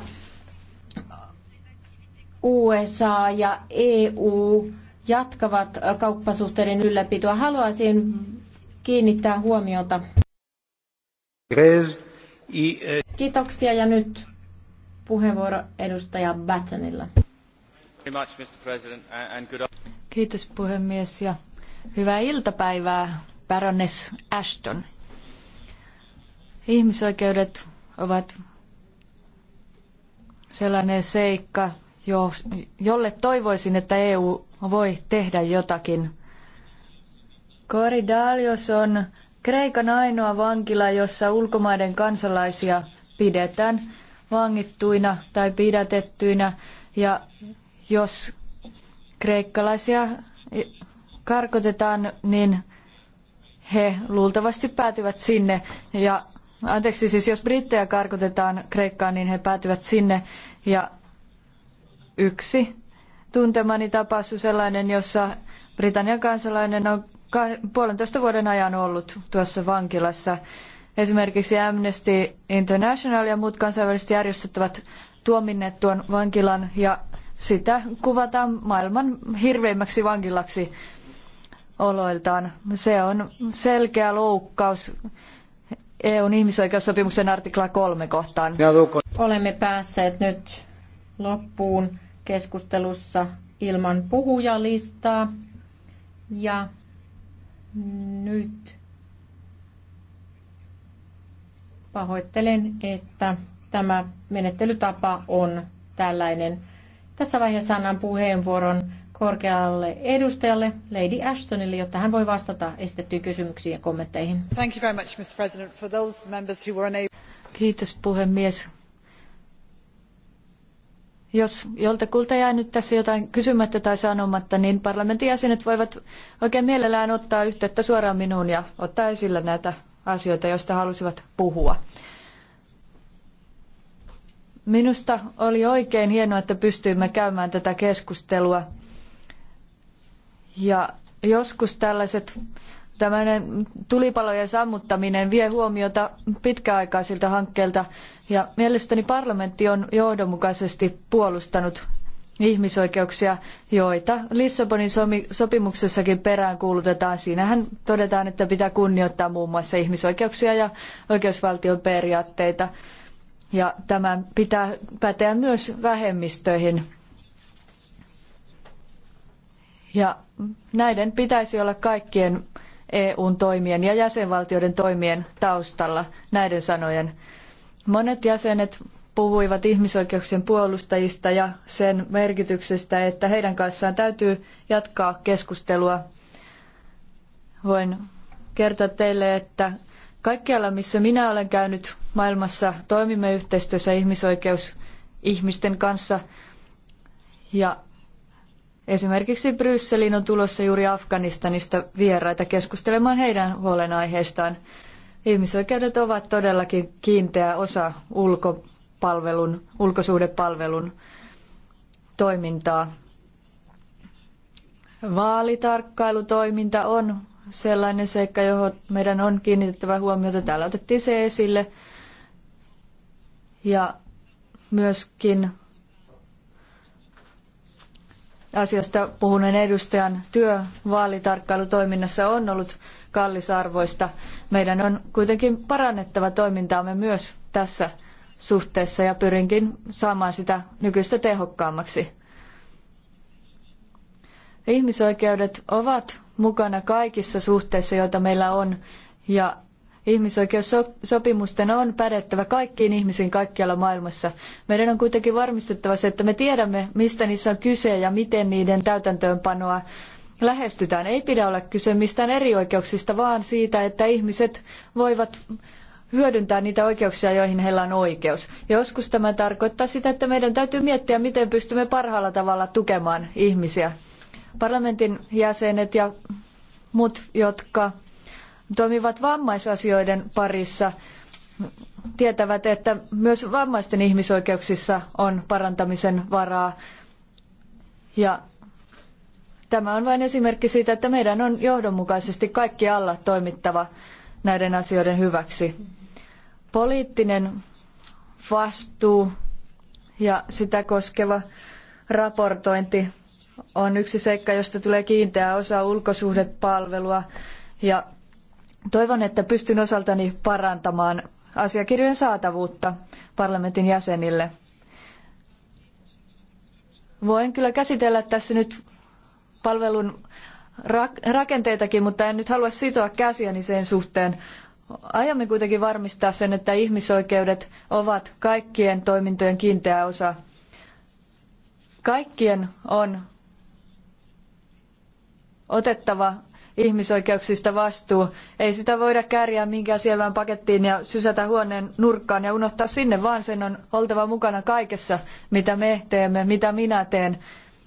USA ja EU jatkavat kauppasuhteiden ylläpitoa. Haluaisin kiinnittää huomiota. Kiitoksia ja nyt puheenvuoro edustaja Battenilla. Kiitos puhemies ja hyvää iltapäivää, Baroness Ashton. Ihmisoikeudet ovat sellainen seikka, jolle toivoisin, että EU voi tehdä jotakin. Koridalios on Kreikan ainoa vankila, jossa ulkomaiden kansalaisia pidetään vangittuina tai pidätettyinä ja jos kreikkalaisia karkotetaan, niin he luultavasti päätyvät sinne. Ja, anteeksi, siis jos brittejä karkotetaan Kreikkaan, niin he päätyvät sinne. Ja yksi tuntemani tapaus on sellainen, jossa Britannian kansalainen on puolentoista vuoden ajan ollut tuossa vankilassa. Esimerkiksi Amnesty International ja muut kansainväliset järjestöt ovat tuominneet tuon vankilan ja sitä kuvataan maailman hirveimmäksi vankilaksi oloiltaan. Se on selkeä loukkaus EUn ihmisoikeussopimuksen artikla kolme kohtaan. Olemme päässeet nyt loppuun keskustelussa ilman puhujalistaa. Ja nyt pahoittelen, että tämä menettelytapa on tällainen. Tässä vaiheessa annan puheenvuoron korkealle edustajalle Lady Ashtonille, jotta hän voi vastata esitettyihin kysymyksiin ja kommentteihin. Thank you very much, Mr. President, for those members who were unable... Kiitos puhemies. Jos joltakulta jää nyt tässä jotain kysymättä tai sanomatta, niin parlamentin jäsenet voivat oikein mielellään ottaa yhteyttä suoraan minuun ja ottaa esillä näitä asioita, joista halusivat puhua. Minusta oli oikein hienoa, että pystyimme käymään tätä keskustelua. Ja joskus tällaiset tämmöinen tulipalojen sammuttaminen vie huomiota pitkäaikaisilta hankkeilta ja mielestäni parlamentti on johdonmukaisesti puolustanut ihmisoikeuksia, joita Lissabonin sopimuksessakin peräänkuulutetaan. Siinähän todetaan, että pitää kunnioittaa muun muassa ihmisoikeuksia ja oikeusvaltion periaatteita ja tämän pitää päteä myös vähemmistöihin. Ja näiden pitäisi olla kaikkien EUn toimien ja jäsenvaltioiden toimien taustalla näiden sanojen. Monet jäsenet puhuivat ihmisoikeuksien puolustajista ja sen merkityksestä, että heidän kanssaan täytyy jatkaa keskustelua. Voin kertoa teille, että Kaikkialla, missä minä olen käynyt maailmassa, toimimme yhteistyössä ihmisoikeus ihmisten kanssa. Ja esimerkiksi Brysseliin on tulossa juuri Afganistanista vieraita keskustelemaan heidän huolenaiheistaan. Ihmisoikeudet ovat todellakin kiinteä osa ulkopalvelun, ulkosuhdepalvelun toimintaa. Vaalitarkkailutoiminta on sellainen seikka, johon meidän on kiinnitettävä huomiota. Täällä otettiin se esille. Ja myöskin asiasta puhuneen edustajan työ vaalitarkkailutoiminnassa on ollut kallisarvoista. Meidän on kuitenkin parannettava toimintaamme myös tässä suhteessa ja pyrinkin saamaan sitä nykyistä tehokkaammaksi. Ihmisoikeudet ovat mukana kaikissa suhteissa, joita meillä on. Ja ihmisoikeussopimusten on pädettävä kaikkiin ihmisiin kaikkialla maailmassa. Meidän on kuitenkin varmistettava se, että me tiedämme, mistä niissä on kyse ja miten niiden täytäntöönpanoa lähestytään. Ei pidä olla kyse mistään eri oikeuksista, vaan siitä, että ihmiset voivat hyödyntää niitä oikeuksia, joihin heillä on oikeus. Joskus tämä tarkoittaa sitä, että meidän täytyy miettiä, miten pystymme parhaalla tavalla tukemaan ihmisiä parlamentin jäsenet ja muut, jotka toimivat vammaisasioiden parissa, tietävät, että myös vammaisten ihmisoikeuksissa on parantamisen varaa. Ja tämä on vain esimerkki siitä, että meidän on johdonmukaisesti kaikkialla toimittava näiden asioiden hyväksi. Poliittinen vastuu ja sitä koskeva raportointi on yksi seikka, josta tulee kiinteä osa ulkosuhdepalvelua ja toivon, että pystyn osaltani parantamaan asiakirjojen saatavuutta parlamentin jäsenille. Voin kyllä käsitellä tässä nyt palvelun rakenteitakin, mutta en nyt halua sitoa käsiäni sen suhteen. Aiomme kuitenkin varmistaa sen, että ihmisoikeudet ovat kaikkien toimintojen kiinteä osa. Kaikkien on otettava ihmisoikeuksista vastuu. Ei sitä voida kääriä minkään sievään pakettiin ja sysätä huoneen nurkkaan ja unohtaa sinne, vaan sen on oltava mukana kaikessa, mitä me teemme, mitä minä teen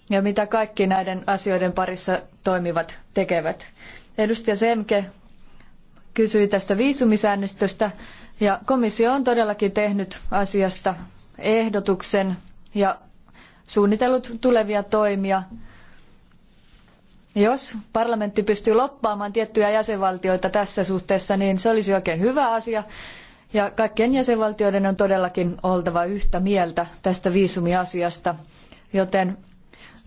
ja mitä kaikki näiden asioiden parissa toimivat tekevät. Edustaja Semke kysyi tästä viisumisäännöstöstä ja komissio on todellakin tehnyt asiasta ehdotuksen ja suunnitellut tulevia toimia jos parlamentti pystyy loppaamaan tiettyjä jäsenvaltioita tässä suhteessa, niin se olisi oikein hyvä asia. Ja kaikkien jäsenvaltioiden on todellakin oltava yhtä mieltä tästä viisumiasiasta, joten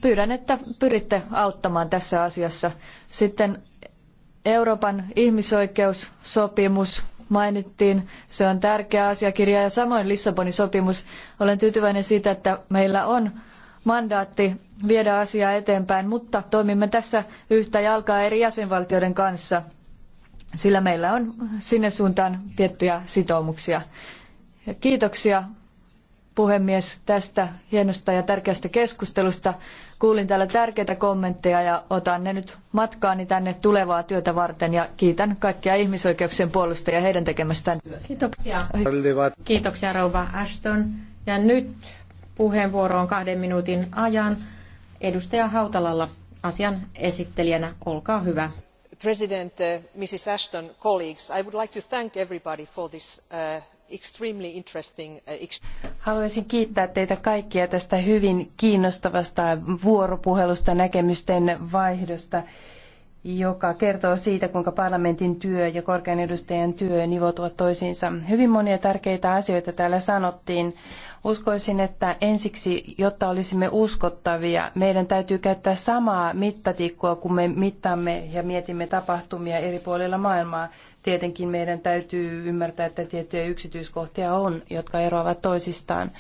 pyydän, että pyritte auttamaan tässä asiassa. Sitten Euroopan ihmisoikeussopimus mainittiin. Se on tärkeä asiakirja ja samoin Lissabonin sopimus. Olen tyytyväinen siitä, että meillä on mandaatti viedä asiaa eteenpäin, mutta toimimme tässä yhtä jalkaa eri jäsenvaltioiden kanssa, sillä meillä on sinne suuntaan tiettyjä sitoumuksia. Ja kiitoksia puhemies tästä hienosta ja tärkeästä keskustelusta. Kuulin täällä tärkeitä kommentteja ja otan ne nyt matkaani tänne tulevaa työtä varten ja kiitän kaikkia ihmisoikeuksien puolustajia heidän tekemästään työstä. Kiitoksia. Kiitoksia rouva Ashton. Ja nyt on kahden minuutin ajan. Edustaja Hautalalla asian esittelijänä, olkaa hyvä. President, uh, Mrs. Ashton, colleagues, I would like to thank everybody for this uh, extremely interesting... Uh, Haluaisin kiittää teitä kaikkia tästä hyvin kiinnostavasta vuoropuhelusta, näkemysten vaihdosta. Uh, joka kertoo siitä, kuinka parlamentin työ ja korkean edustajan työ nivoutuvat toisiinsa. Hyvin monia tärkeitä asioita täällä sanottiin. Uskoisin, että ensiksi, jotta olisimme uskottavia, meidän täytyy käyttää samaa mittatikkoa, kun me mittaamme ja mietimme tapahtumia eri puolilla maailmaa tietenkin meidän täytyy ymmärtää, että tiettyjä yksityiskohtia on, jotka eroavat toisistaan.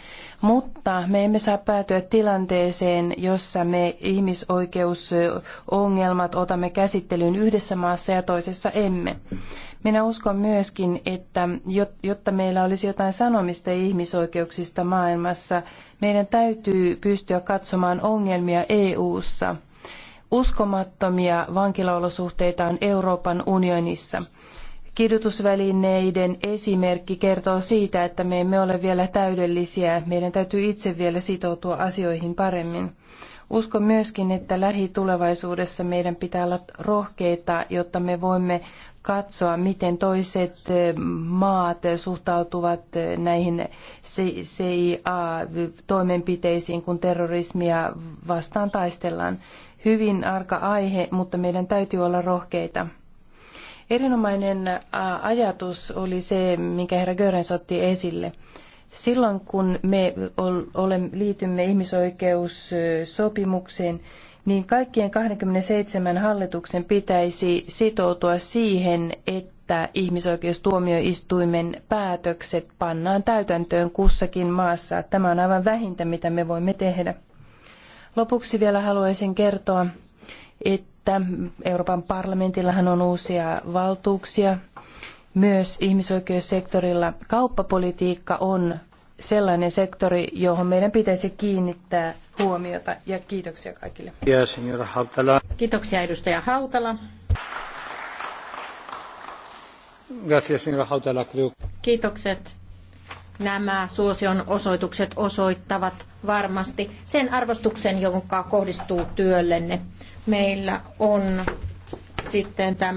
Mutta me emme saa päätyä tilanteeseen, jossa me ihmisoikeusongelmat otamme käsittelyyn yhdessä maassa ja toisessa emme. Minä uskon myöskin, että jotta meillä olisi jotain sanomista ihmisoikeuksista maailmassa, meidän täytyy pystyä katsomaan ongelmia EU:ssa uskomattomia vankilaolosuhteita on Euroopan unionissa. Kidutusvälineiden esimerkki kertoo siitä, että me emme ole vielä täydellisiä. Meidän täytyy itse vielä sitoutua asioihin paremmin. Uskon myöskin, että lähitulevaisuudessa meidän pitää olla rohkeita, jotta me voimme katsoa, miten toiset eh, maat suhtautuvat eh, näihin CIA-toimenpiteisiin, kun terrorismia vastaan taistellaan. Hyvin arka aihe, mutta meidän täytyy olla rohkeita. Erinomainen ajatus oli se, minkä herra Görens otti esille. Silloin kun me liitymme ihmisoikeussopimukseen, niin kaikkien 27 hallituksen pitäisi sitoutua siihen, että ihmisoikeustuomioistuimen päätökset pannaan täytäntöön kussakin maassa. Tämä on aivan vähintä, mitä me voimme tehdä. Lopuksi vielä haluaisin kertoa, että että Euroopan parlamentillahan on uusia valtuuksia myös ihmisoikeussektorilla. Kauppapolitiikka on sellainen sektori, johon meidän pitäisi kiinnittää huomiota. Ja kiitoksia kaikille. Kiitoksia edustaja Hautala. Kiitokset nämä suosion osoitukset osoittavat varmasti sen arvostuksen, jonka kohdistuu työllenne. Meillä on sitten tämä